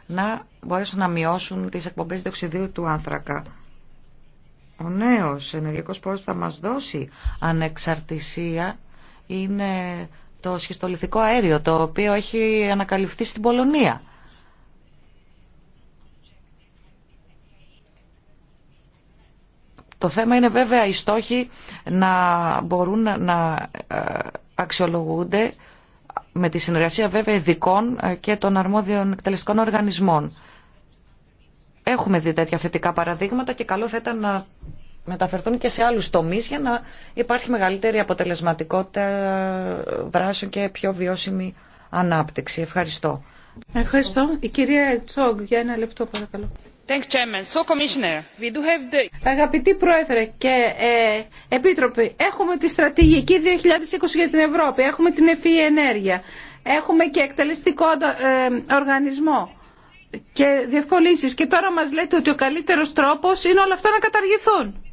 να μπορέσουν να μειώσουν τις εκπομπές διοξιδίου του άνθρακα. Ο νέος ενεργειακός πόρος θα μας δώσει ανεξαρτησία είναι το σχιστολιθικό αέριο το οποίο έχει ανακαλυφθεί στην Πολωνία. Το θέμα είναι βέβαια οι στόχοι να μπορούν να ε, αξιολογούνται με τη συνεργασία βέβαια ειδικών ε, και των αρμόδιων εκτελεστικών οργανισμών. Έχουμε δει τέτοια θετικά παραδείγματα και καλό θα ήταν να μεταφερθούν και σε άλλους τομείς για να υπάρχει μεγαλύτερη αποτελεσματικότητα δράσεων και πιο βιώσιμη ανάπτυξη. Ευχαριστώ. Ευχαριστώ. Η κυρία Τσόγκ, για ένα λεπτό παρακαλώ. Αγαπητοί Πρόεδρε και ε, Επίτροποι, έχουμε τη στρατηγική 2020 για την Ευρώπη, έχουμε την ευφύη ενέργεια, έχουμε και εκτελεστικό ε, οργανισμό και διευκολύνσεις. Και τώρα μας λέτε ότι ο καλύτερος τρόπος είναι όλα αυτά να καταργηθούν.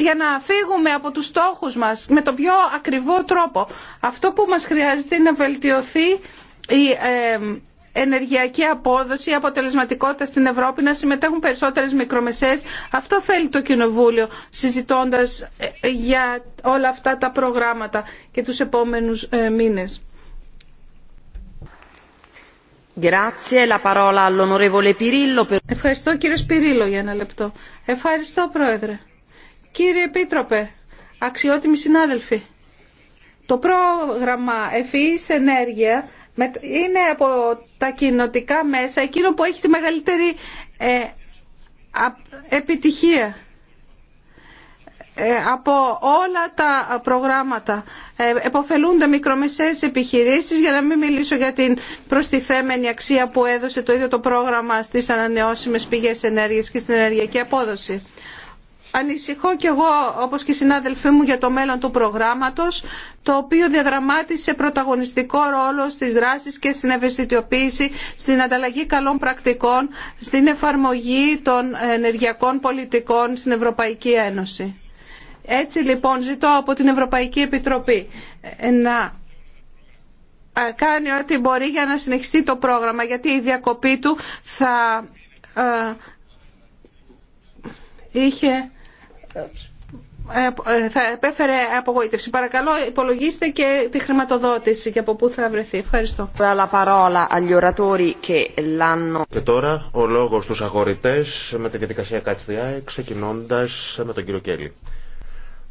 για να φύγουμε από τους στόχους μας με τον πιο ακριβό τρόπο. Αυτό που μας χρειάζεται είναι να βελτιωθεί η ε, ενεργειακή απόδοση, η αποτελεσματικότητα στην Ευρώπη, να συμμετέχουν περισσότερες μικρομεσαίες. Αυτό θέλει το Κοινοβούλιο, συζητώντας ε, για όλα αυτά τα προγράμματα και τους επόμενους ε, μήνες. Ευχαριστώ κύριε Σπυρίλο για ένα λεπτό. Ευχαριστώ πρόεδρε. Κύριε Επίτροπε, αξιότιμοι συνάδελφοι, το πρόγραμμα e ευφυής ενέργεια είναι από τα κοινοτικά μέσα εκείνο που έχει τη μεγαλύτερη ε, επιτυχία ε, από όλα τα προγράμματα. Ε, εποφελούνται μικρομεσαίες επιχειρήσεις, για να μην μιλήσω για την προστιθέμενη αξία που έδωσε το ίδιο το πρόγραμμα στις ανανεώσιμες πηγές ενέργειας και στην ενεργειακή απόδοση. Ανησυχώ κι εγώ, όπως και οι συνάδελφοί μου, για το μέλλον του προγράμματος, το οποίο διαδραμάτισε πρωταγωνιστικό ρόλο στις δράσεις και στην ευαισθητοποίηση, στην ανταλλαγή καλών πρακτικών, στην εφαρμογή των ενεργειακών πολιτικών στην Ευρωπαϊκή Ένωση. Έτσι λοιπόν ζητώ από την Ευρωπαϊκή Επιτροπή ε, να ε, κάνει ό,τι μπορεί για να συνεχιστεί το πρόγραμμα, γιατί η διακοπή του θα ε, είχε θα επέφερε απογοήτευση. Παρακαλώ, υπολογίστε και τη χρηματοδότηση και από πού θα βρεθεί. Ευχαριστώ. Και τώρα ο λόγο στου αγορητέ με τη διαδικασία Κάτσδια, ξεκινώντα με τον κύριο Κέλλη.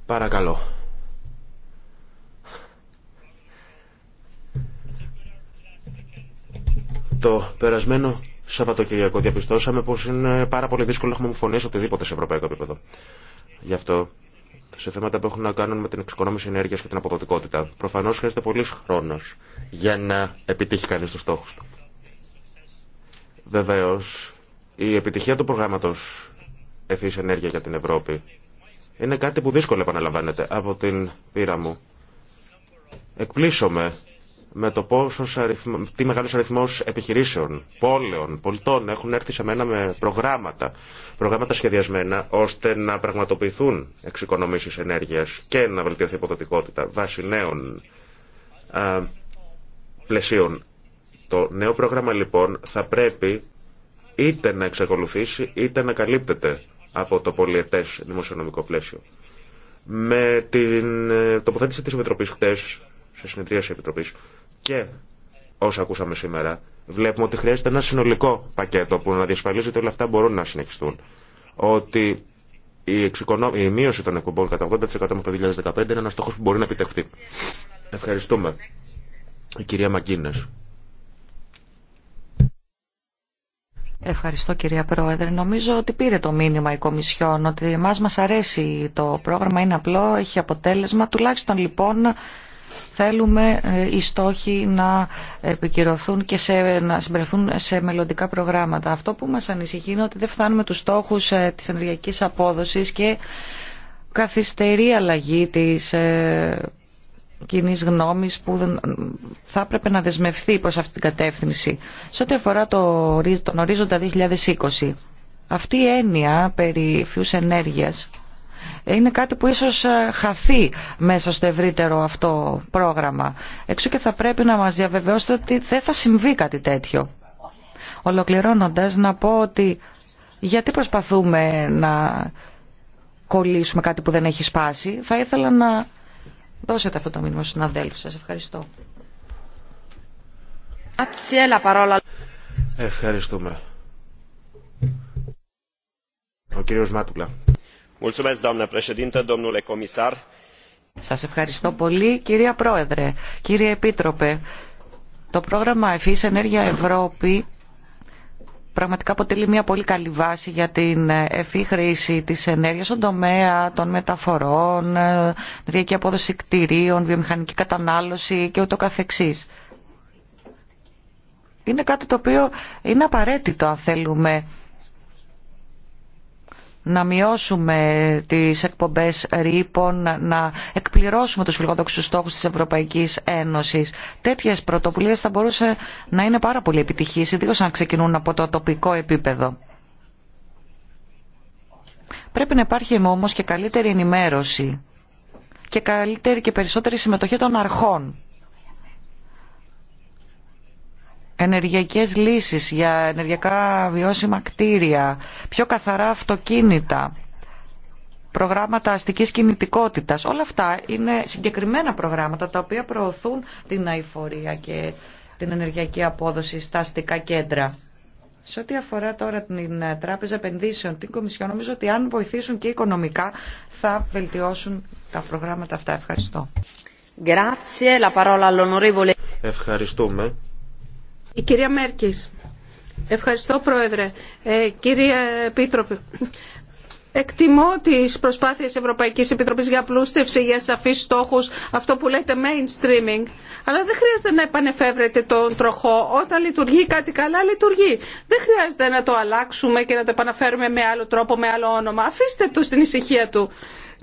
Παρακαλώ. Το περασμένο Σαββατοκυριακό διαπιστώσαμε πω είναι πάρα πολύ δύσκολο να έχουμε οτιδήποτε σε ευρωπαϊκό επίπεδο. Γι' αυτό, σε θέματα που έχουν να κάνουν με την εξοικονόμηση ενέργεια και την αποδοτικότητα, προφανώ χρειάζεται πολλή χρόνο για να επιτύχει κανεί του στόχου του. Βεβαίω, η επιτυχία του προγράμματο ευθύς Ενέργεια για την Ευρώπη είναι κάτι που δύσκολα επαναλαμβάνεται από την πείρα μου. με με το πόσο αριθμ, τι μεγάλος αριθμός επιχειρήσεων, πόλεων, πολιτών έχουν έρθει σε μένα με προγράμματα, προγράμματα σχεδιασμένα ώστε να πραγματοποιηθούν εξοικονομήσεις ενέργειας και να βελτιωθεί η υποδοτικότητα βάσει νέων α, πλαισίων. Το νέο πρόγραμμα λοιπόν θα πρέπει είτε να εξακολουθήσει είτε να καλύπτεται από το πολιετές δημοσιονομικό πλαίσιο. Με την ε, τοποθέτηση της Επιτροπής χτες, σε συνεδρίαση Επιτροπής, και όσα ακούσαμε σήμερα, βλέπουμε ότι χρειάζεται ένα συνολικό πακέτο που να διασφαλίζει ότι όλα αυτά μπορούν να συνεχιστούν. Ότι η, εξοικονό... η μείωση των εκπομπών κατά 80% με το 2015 είναι ένα στόχο που μπορεί να επιτευχθεί. Ευχαριστούμε. Η κυρία Μαγκίνε. Ευχαριστώ κυρία Πρόεδρε. Νομίζω ότι πήρε το μήνυμα η Κομισιόν ότι εμάς μας αρέσει το πρόγραμμα, είναι απλό, έχει αποτέλεσμα. Τουλάχιστον λοιπόν Θέλουμε ε, οι στόχοι να επικυρωθούν και σε, να συμπεριφθούν σε μελλοντικά προγράμματα. Αυτό που μας ανησυχεί είναι ότι δεν φτάνουμε τους στόχους ε, της ενεργειακής απόδοσης και καθυστερεί αλλαγή της ε, κοινή γνώμη που θα έπρεπε να δεσμευθεί προ αυτή την κατεύθυνση. Σε ό,τι αφορά το, τον ορίζοντα 2020, αυτή η έννοια περί φιού ενέργειας είναι κάτι που ίσως ε, χαθεί μέσα στο ευρύτερο αυτό πρόγραμμα. Εξού και θα πρέπει να μας διαβεβαιώσετε ότι δεν θα συμβεί κάτι τέτοιο. Ολοκληρώνοντας να πω ότι γιατί προσπαθούμε να κολλήσουμε κάτι που δεν έχει σπάσει. Θα ήθελα να δώσετε αυτό το μήνυμα στους συναδέλφους σας. Ευχαριστώ. Ευχαριστούμε. Ο κύριος Μάτουλα. Σας ευχαριστώ πολύ κυρία Πρόεδρε, κύριε Επίτροπε. Το πρόγραμμα Εφής Ενέργεια Ευρώπη πραγματικά αποτελεί μια πολύ καλή βάση για την εφή χρήση της ενέργειας στον τομέα των μεταφορών, ενεργειακή απόδοση κτηρίων, βιομηχανική κατανάλωση και ούτω καθεξής. Είναι κάτι το οποίο είναι απαραίτητο αν θέλουμε να μειώσουμε τις εκπομπές ρήπων, να εκπληρώσουμε τους φιλοδόξους στόχους της Ευρωπαϊκής Ένωσης. Τέτοιες πρωτοβουλίες θα μπορούσε να είναι πάρα πολύ επιτυχής, ιδίω αν ξεκινούν από το τοπικό επίπεδο. Πρέπει να υπάρχει όμως και καλύτερη ενημέρωση και καλύτερη και περισσότερη συμμετοχή των αρχών ενεργειακές λύσεις για ενεργειακά βιώσιμα κτίρια, πιο καθαρά αυτοκίνητα, προγράμματα αστικής κινητικότητας. Όλα αυτά είναι συγκεκριμένα προγράμματα τα οποία προωθούν την αηφορία και την ενεργειακή απόδοση στα αστικά κέντρα. Σε ό,τι αφορά τώρα την Τράπεζα Επενδύσεων, την Κομισιόν, νομίζω ότι αν βοηθήσουν και οικονομικά θα βελτιώσουν τα προγράμματα αυτά. Ευχαριστώ. Ευχαριστούμε. Η κυρία Μέρκης. Ευχαριστώ Πρόεδρε. Ε, κύριε Επίτροπε, εκτιμώ τις προσπάθειες Ευρωπαϊκής Επιτροπής για πλούστευση, για σαφείς στόχους, αυτό που λέτε mainstreaming, αλλά δεν χρειάζεται να επανεφεύρετε τον τροχό. Όταν λειτουργεί κάτι καλά, λειτουργεί. Δεν χρειάζεται να το αλλάξουμε και να το επαναφέρουμε με άλλο τρόπο, με άλλο όνομα. Αφήστε το στην ησυχία του.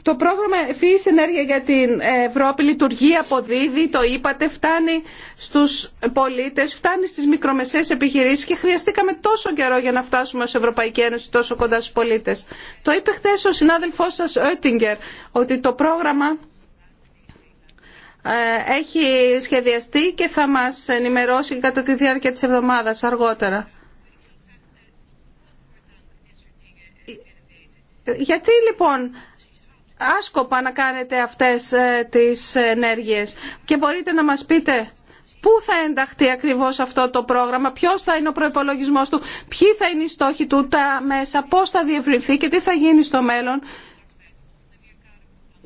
Το πρόγραμμα Φύση Ενέργεια για την Ευρώπη λειτουργεί, αποδίδει, το είπατε, φτάνει στους πολίτες, φτάνει στις μικρομεσαίες επιχειρήσεις και χρειαστήκαμε τόσο καιρό για να φτάσουμε ως Ευρωπαϊκή Ένωση τόσο κοντά στους πολίτες. Το είπε χθε ο συνάδελφός σας, Ότιγκερ, ότι το πρόγραμμα ε, έχει σχεδιαστεί και θα μας ενημερώσει κατά τη διάρκεια της εβδομάδας αργότερα. Ε, γιατί λοιπόν άσκοπα να κάνετε αυτές ε, τις ενέργειες. Και μπορείτε να μας πείτε πού θα ενταχθεί ακριβώς αυτό το πρόγραμμα, ποιος θα είναι ο προϋπολογισμός του, ποιοι θα είναι οι στόχοι του, τα μέσα, πώς θα διευρυνθεί και τι θα γίνει στο μέλλον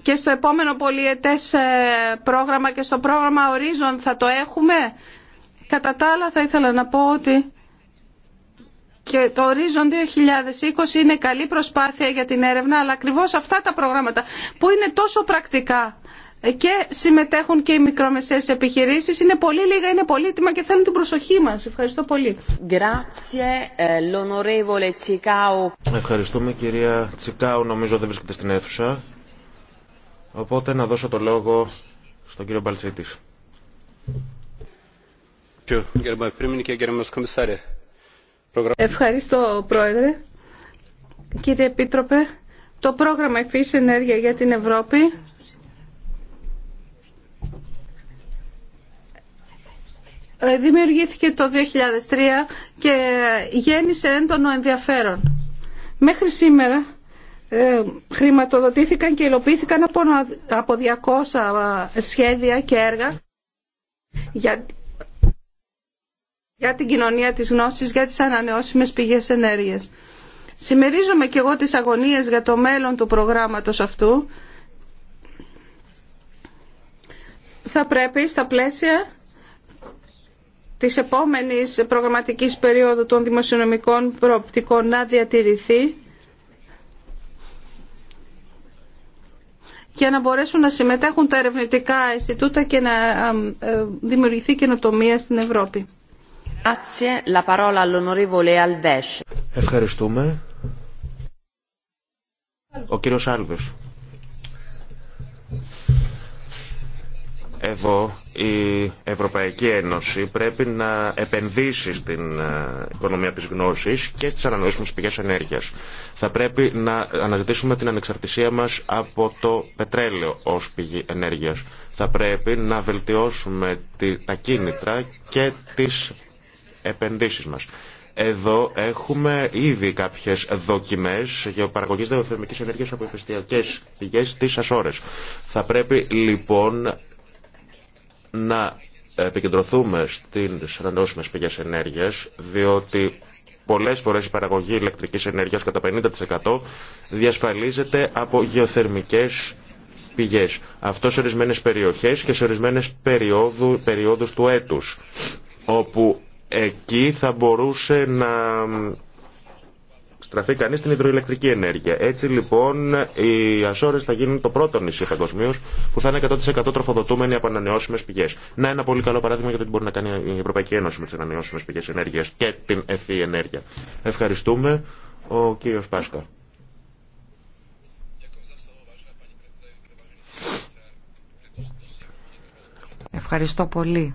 και στο επόμενο πολιετές ε, πρόγραμμα και στο πρόγραμμα ορίζων θα το έχουμε. Κατά τα άλλα θα ήθελα να πω ότι και το Horizon 2020 είναι καλή προσπάθεια για την έρευνα, αλλά ακριβώ αυτά τα προγράμματα που είναι τόσο πρακτικά και συμμετέχουν και οι μικρομεσαίες επιχειρήσεις είναι πολύ λίγα, είναι πολύ πολύτιμα και θέλουν την προσοχή μας. Ευχαριστώ πολύ. Ε, Ευχαριστούμε κυρία Τσικάου, νομίζω δεν βρίσκεται στην αίθουσα. Οπότε να δώσω το λόγο στον κύριο Μπαλτσίτης. Ευχαριστώ, Πρόεδρε. Κύριε Επίτροπε, το πρόγραμμα Ευφύης Ενέργεια για την Ευρώπη ε, δημιουργήθηκε το 2003 και γέννησε έντονο ενδιαφέρον. Μέχρι σήμερα ε, χρηματοδοτήθηκαν και υλοποιήθηκαν από 200 σχέδια και έργα για για την κοινωνία της γνώσης, για τις ανανεώσιμες πηγές ενέργειας. Συμμερίζομαι και εγώ τις αγωνίες για το μέλλον του προγράμματος αυτού. Θα πρέπει στα πλαίσια της επόμενης προγραμματικής περίοδου των δημοσιονομικών προοπτικών να διατηρηθεί για να μπορέσουν να συμμετέχουν τα ερευνητικά αισθητούτα και να ε, ε, δημιουργηθεί καινοτομία στην Ευρώπη. Ευχαριστούμε. Ο κύριος Άλβες. Εδώ η Ευρωπαϊκή Ένωση πρέπει να επενδύσει στην ε, οικονομία της γνώσης και στις ανανεώσιμες πηγές ενέργειας. Θα πρέπει να αναζητήσουμε την ανεξαρτησία μας από το πετρέλαιο ως πηγή ενέργειας. Θα πρέπει να βελτιώσουμε τα κίνητρα και τις επενδύσεις μας. Εδώ έχουμε ήδη κάποιες δοκιμές για παραγωγή δεοθερμική ενέργειας από ηφαιστειακέ πηγές τις Ασόρε. Θα πρέπει λοιπόν να επικεντρωθούμε στι ανανεώσιμες πηγές ενέργειας διότι πολλές φορές η παραγωγή ηλεκτρικής ενέργειας κατά 50% διασφαλίζεται από γεωθερμικές πηγές. Αυτό σε ορισμένε περιοχέ και σε ορισμένε περιόδου του έτους, όπου εκεί θα μπορούσε να στραφεί κανεί στην υδροηλεκτρική ενέργεια. Έτσι λοιπόν οι Ασόρε θα γίνουν το πρώτο νησί παγκοσμίω που θα είναι 100% τροφοδοτούμενοι από ανανεώσιμε πηγέ. Να ένα πολύ καλό παράδειγμα για το μπορεί να κάνει η Ευρωπαϊκή Ένωση με τι ανανεώσιμε πηγέ ενέργεια και την ευθύ ενέργεια. Ευχαριστούμε. Ο κύριο Πάσκα. Ευχαριστώ πολύ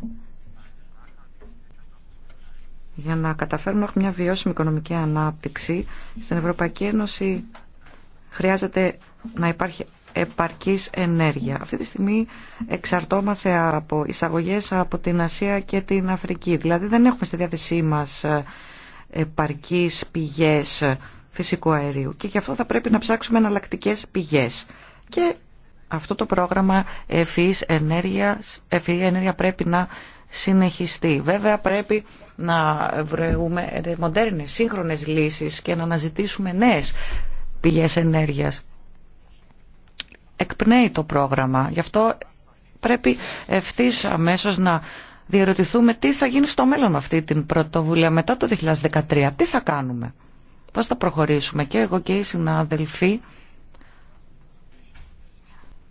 για να καταφέρουμε να έχουμε μια βιώσιμη οικονομική ανάπτυξη στην Ευρωπαϊκή Ένωση χρειάζεται να υπάρχει επαρκής ενέργεια. Αυτή τη στιγμή εξαρτώμαθε από εισαγωγές από την Ασία και την Αφρική. Δηλαδή δεν έχουμε στη διάθεσή μας ε, επαρκείς πηγές φυσικού αερίου και γι' αυτό θα πρέπει να ψάξουμε εναλλακτικέ πηγές. Και αυτό το πρόγραμμα ευφυής ενέργεια πρέπει να συνεχιστεί. Βέβαια πρέπει να βρούμε μοντέρνες, σύγχρονες λύσεις και να αναζητήσουμε νέες πηγές ενέργειας. Εκπνέει το πρόγραμμα, γι' αυτό πρέπει ευθύ αμέσω να διερωτηθούμε τι θα γίνει στο μέλλον αυτή την πρωτοβουλία μετά το 2013. Τι θα κάνουμε, πώς θα προχωρήσουμε και εγώ και οι συνάδελφοί.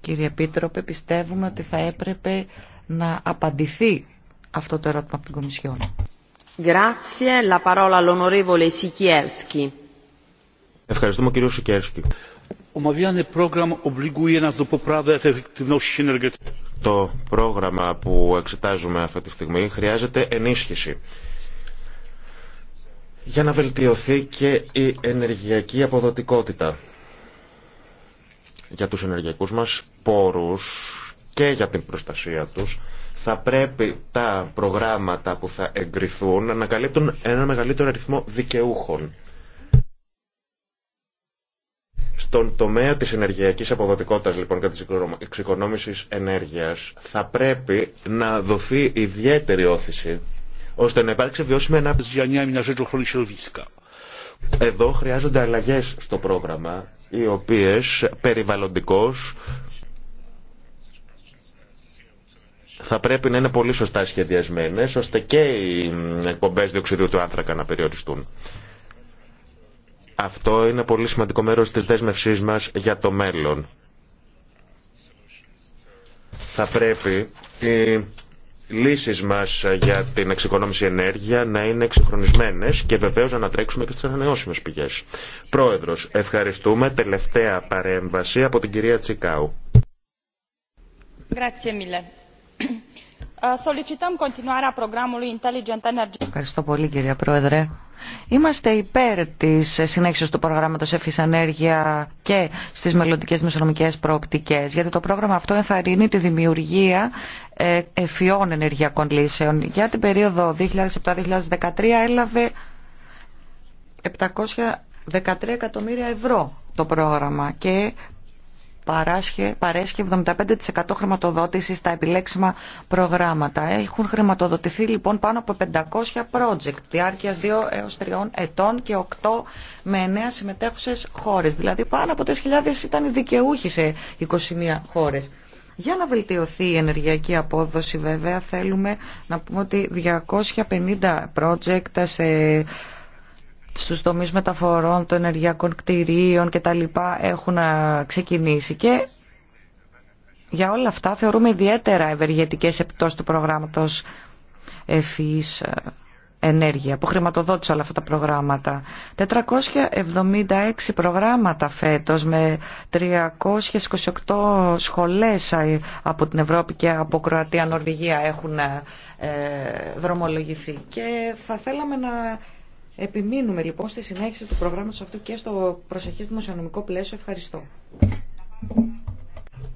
Κύριε Επίτροπε, πιστεύουμε ότι θα έπρεπε να απαντηθεί αυτό το ερώτημα από την Κομισιόν. Ευχαριστούμε κύριο Σικέρσκι. Το πρόγραμμα που εξετάζουμε αυτή τη στιγμή χρειάζεται ενίσχυση για να βελτιωθεί και η ενεργειακή αποδοτικότητα για τους ενεργειακούς μας πόρους και για την προστασία τους θα πρέπει τα προγράμματα που θα εγκριθούν να καλύπτουν ένα μεγαλύτερο αριθμό δικαιούχων. Στον τομέα της ενεργειακής αποδοτικότητας λοιπόν και της εξοικονόμησης ενέργειας θα πρέπει να δοθεί ιδιαίτερη όθηση ώστε να υπάρξει βιώσιμη ανάπτυξη. Εδώ χρειάζονται αλλαγές στο πρόγραμμα οι οποίες περιβαλλοντικώς θα πρέπει να είναι πολύ σωστά σχεδιασμένες ώστε και οι εκπομπές διοξιδίου του άνθρακα να περιοριστούν. Αυτό είναι πολύ σημαντικό μέρος της δέσμευσής μας για το μέλλον. Θα πρέπει οι λύσεις μας για την εξοικονόμηση ενέργεια να είναι εξυγχρονισμένες και βεβαίως να τρέξουμε και στις ανανεώσιμες πηγές. Πρόεδρος, ευχαριστούμε. Τελευταία παρέμβαση από την κυρία Τσικάου. Grazie mille. Ε, Ευχαριστώ πολύ κύριε Πρόεδρε. Είμαστε υπέρ τη συνέχιση του προγράμματο Εφή Ενέργεια και στι μελλοντικέ μεσονομικέ προοπτικέ, γιατί το πρόγραμμα αυτό ενθαρρύνει τη δημιουργία εφιών ενεργειακών λύσεων. Για την περίοδο 2007-2013 έλαβε 713 εκατομμύρια ευρώ το πρόγραμμα παρέσχει 75% χρηματοδότηση στα επιλέξιμα προγράμματα. Έχουν χρηματοδοτηθεί λοιπόν πάνω από 500 project διάρκεια 2 έω 3 ετών και 8 με 9 συμμετέχουσε χώρε. Δηλαδή πάνω από 3.000 ήταν οι δικαιούχοι σε 21 χώρε. Για να βελτιωθεί η ενεργειακή απόδοση βέβαια θέλουμε να πούμε ότι 250 project σε στους τομείς μεταφορών των ενεργειακών κτηρίων και τα λοιπά έχουν ξεκινήσει και για όλα αυτά θεωρούμε ιδιαίτερα ευεργετικές επιπτώσεις του προγράμματος εφής ενέργεια που χρηματοδότησε όλα αυτά τα προγράμματα. 476 προγράμματα φέτος με 328 σχολές από την Ευρώπη και από Κροατία, Νορβηγία έχουν ε, δρομολογηθεί και θα θέλαμε να Επιμείνουμε λοιπόν στη συνέχιση του προγράμματος αυτού και στο προσεχές δημοσιονομικό πλαίσιο. Ευχαριστώ.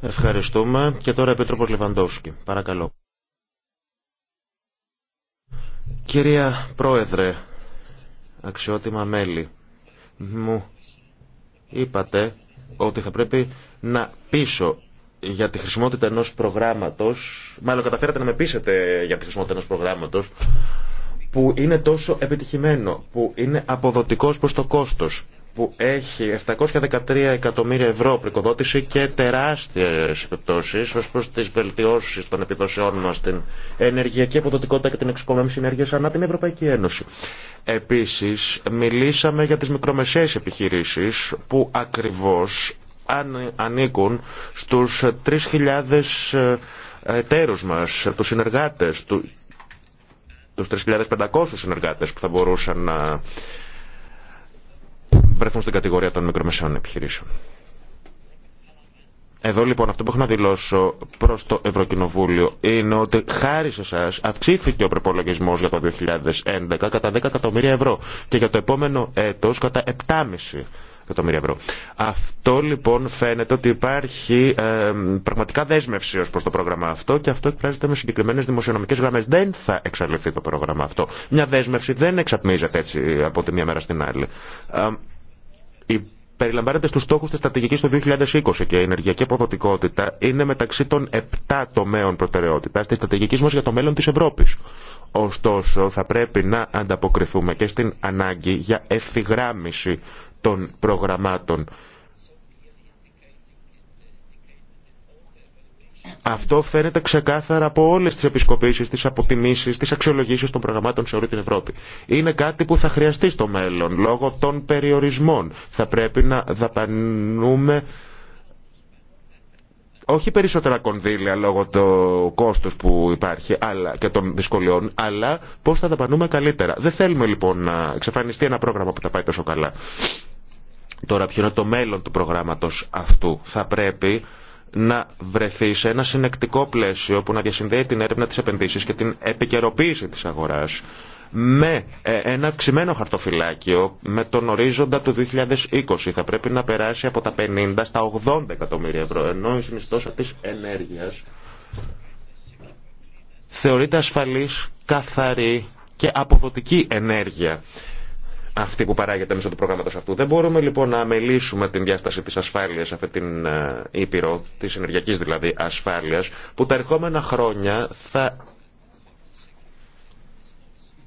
Ευχαριστούμε. Και τώρα Επίτροπος Λεβαντόφσκι. Παρακαλώ. Κυρία Πρόεδρε, αξιότιμα μέλη, μου είπατε ότι θα πρέπει να πείσω για τη χρησιμότητα ενός προγράμματος, μάλλον καταφέρατε να με πείσετε για τη χρησιμότητα ενός προγράμματος, που είναι τόσο επιτυχημένο, που είναι αποδοτικός προς το κόστος, που έχει 713 εκατομμύρια ευρώ πρικοδότηση και τεράστιες επιπτώσεις ως προς τις βελτιώσεις των επιδοσεών μας στην ενεργειακή αποδοτικότητα και την εξοικονόμηση ενέργειας ανά την Ευρωπαϊκή Ένωση. Επίσης, μιλήσαμε για τις μικρομεσαίες επιχειρήσεις που ακριβώς ανήκουν στους 3.000 ε, εταίρους μας, τους συνεργάτες του τους 3.500 συνεργάτες που θα μπορούσαν να βρεθούν στην κατηγορία των μικρομεσαίων επιχειρήσεων. Εδώ λοιπόν αυτό που έχω να δηλώσω προ το Ευρωκοινοβούλιο είναι ότι χάρη σε εσά αυξήθηκε ο προπολογισμό για το 2011 κατά 10 εκατομμύρια ευρώ και για το επόμενο έτο κατά 7,5 αυτό λοιπόν φαίνεται ότι υπάρχει ε, πραγματικά δέσμευση ω προ το πρόγραμμα αυτό και αυτό εκφράζεται με συγκεκριμένε δημοσιονομικέ γραμμέ. Δεν θα εξαλειφθεί το πρόγραμμα αυτό. Μια δέσμευση δεν εξατμίζεται έτσι από τη μία μέρα στην άλλη. Ε, περιλαμβάνεται στους στόχους της στρατηγικής του 2020 και η ενεργειακή αποδοτικότητα είναι μεταξύ των 7 τομέων προτεραιότητας της στρατηγικής μας για το μέλλον της Ευρώπης. Ωστόσο, θα πρέπει να ανταποκριθούμε και στην ανάγκη για ευθυγράμμιση των προγραμμάτων. Αυτό φαίνεται ξεκάθαρα από όλες τις επισκοπήσεις, τις αποτιμήσει, τις αξιολογήσεις των προγραμμάτων σε όλη την Ευρώπη. Είναι κάτι που θα χρειαστεί στο μέλλον λόγω των περιορισμών. Θα πρέπει να δαπανούμε όχι περισσότερα κονδύλια λόγω του κόστους που υπάρχει αλλά, και των δυσκολιών, αλλά πώ θα δαπανούμε καλύτερα. Δεν θέλουμε λοιπόν να εξαφανιστεί ένα πρόγραμμα που θα πάει τόσο καλά. Τώρα ποιο είναι το μέλλον του προγράμματος αυτού. Θα πρέπει να βρεθεί σε ένα συνεκτικό πλαίσιο που να διασυνδέει την έρευνα της επενδύσεις και την επικαιροποίηση της αγοράς με ε, ένα αυξημένο χαρτοφυλάκιο με τον ορίζοντα του 2020 θα πρέπει να περάσει από τα 50 στα 80 εκατομμύρια ευρώ ενώ η συνιστόσα της ενέργειας θεωρείται ασφαλής, καθαρή και αποδοτική ενέργεια αυτή που παράγεται μέσω του προγράμματος αυτού. Δεν μπορούμε λοιπόν να αμελήσουμε την διάσταση της ασφάλειας, αυτή την ε, ήπειρο, της ενεργειακής δηλαδή ασφάλειας, που τα ερχόμενα χρόνια θα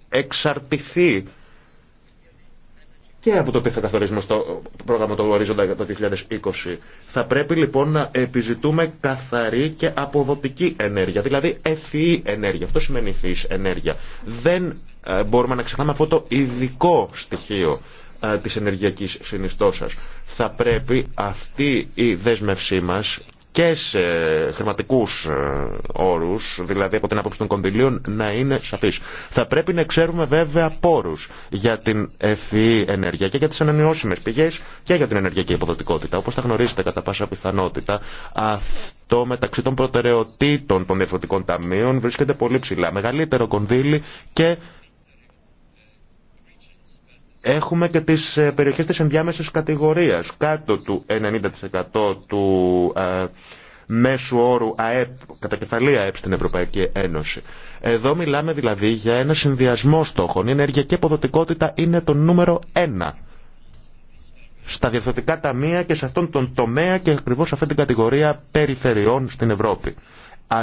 εξαρτηθεί και από το τι θα στο πρόγραμμα του Ορίζοντα το 2020. Θα πρέπει λοιπόν να επιζητούμε καθαρή και αποδοτική ενέργεια, δηλαδή ευφυή ενέργεια. Αυτό σημαίνει ευφυή ενέργεια. Δεν ε, μπορούμε να ξεχνάμε αυτό το ειδικό στοιχείο ε, της ενεργειακής συνιστώσας. Θα πρέπει αυτή η δέσμευσή μας και σε χρηματικού ε, όρου, δηλαδή από την άποψη των κονδυλίων, να είναι σαφή. Θα πρέπει να ξέρουμε βέβαια πόρου για την ευφυή ενέργεια και για τι ανανεώσιμε πηγέ και για την ενεργειακή υποδοτικότητα. Όπω θα γνωρίζετε κατά πάσα πιθανότητα, αυτό μεταξύ των προτεραιοτήτων των διαφορετικών ταμείων βρίσκεται πολύ ψηλά. Μεγαλύτερο κονδύλι και Έχουμε και τις ε, περιοχές της ενδιάμεσης κατηγορίας, κάτω του 90% του ε, μέσου όρου ΑΕΠ, κατά κεφαλή ΑΕΠ στην Ευρωπαϊκή Ένωση. Εδώ μιλάμε δηλαδή για ένα συνδυασμό στόχων. Η ενεργειακή αποδοτικότητα είναι το νούμερο ένα στα διευθυντικά ταμεία και σε αυτόν τον τομέα και ακριβώς σε αυτήν την κατηγορία περιφερειών στην Ευρώπη.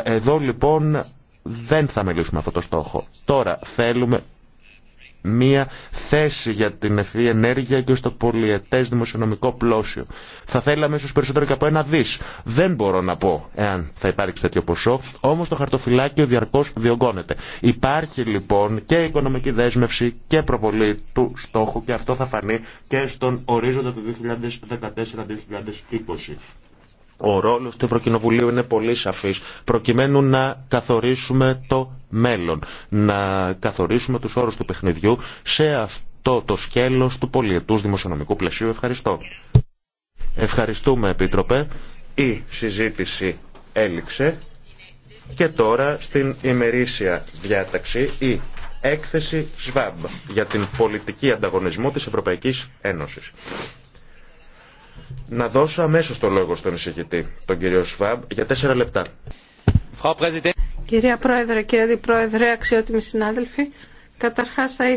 Εδώ λοιπόν δεν θα μιλήσουμε αυτό το στόχο. Τώρα θέλουμε μία θέση για την ευθύ ενέργεια και στο πολιετές δημοσιονομικό πλώσιο. Θα θέλαμε ίσως περισσότερο και από ένα δί. Δεν μπορώ να πω εάν θα υπάρξει τέτοιο ποσό, όμως το χαρτοφυλάκιο διαρκώς διωγγώνεται. Υπάρχει λοιπόν και οικονομική δέσμευση και προβολή του στόχου και αυτό θα φανεί και στον ορίζοντα του 2014-2020. Ο ρόλος του Ευρωκοινοβουλίου είναι πολύ σαφής, προκειμένου να καθορίσουμε το μέλλον, να καθορίσουμε τους όρους του παιχνιδιού σε αυτό το σκέλος του πολιετούς δημοσιονομικού πλαισίου. Ευχαριστώ. Ευχαριστούμε, Επίτροπε. Η συζήτηση έληξε και τώρα στην ημερήσια διάταξη η έκθεση ΣΒΑΜ για την πολιτική ανταγωνισμό της Ευρωπαϊκής Ένωσης. Να δώσω αμέσω το λόγο στον εισηγητή, τον κύριο Σφαμπ, για τέσσερα λεπτά. Κυρία Πρόεδρε, κύριε Διπρόεδρε, αξιότιμοι συνάδελφοι, καταρχά θα ήθελα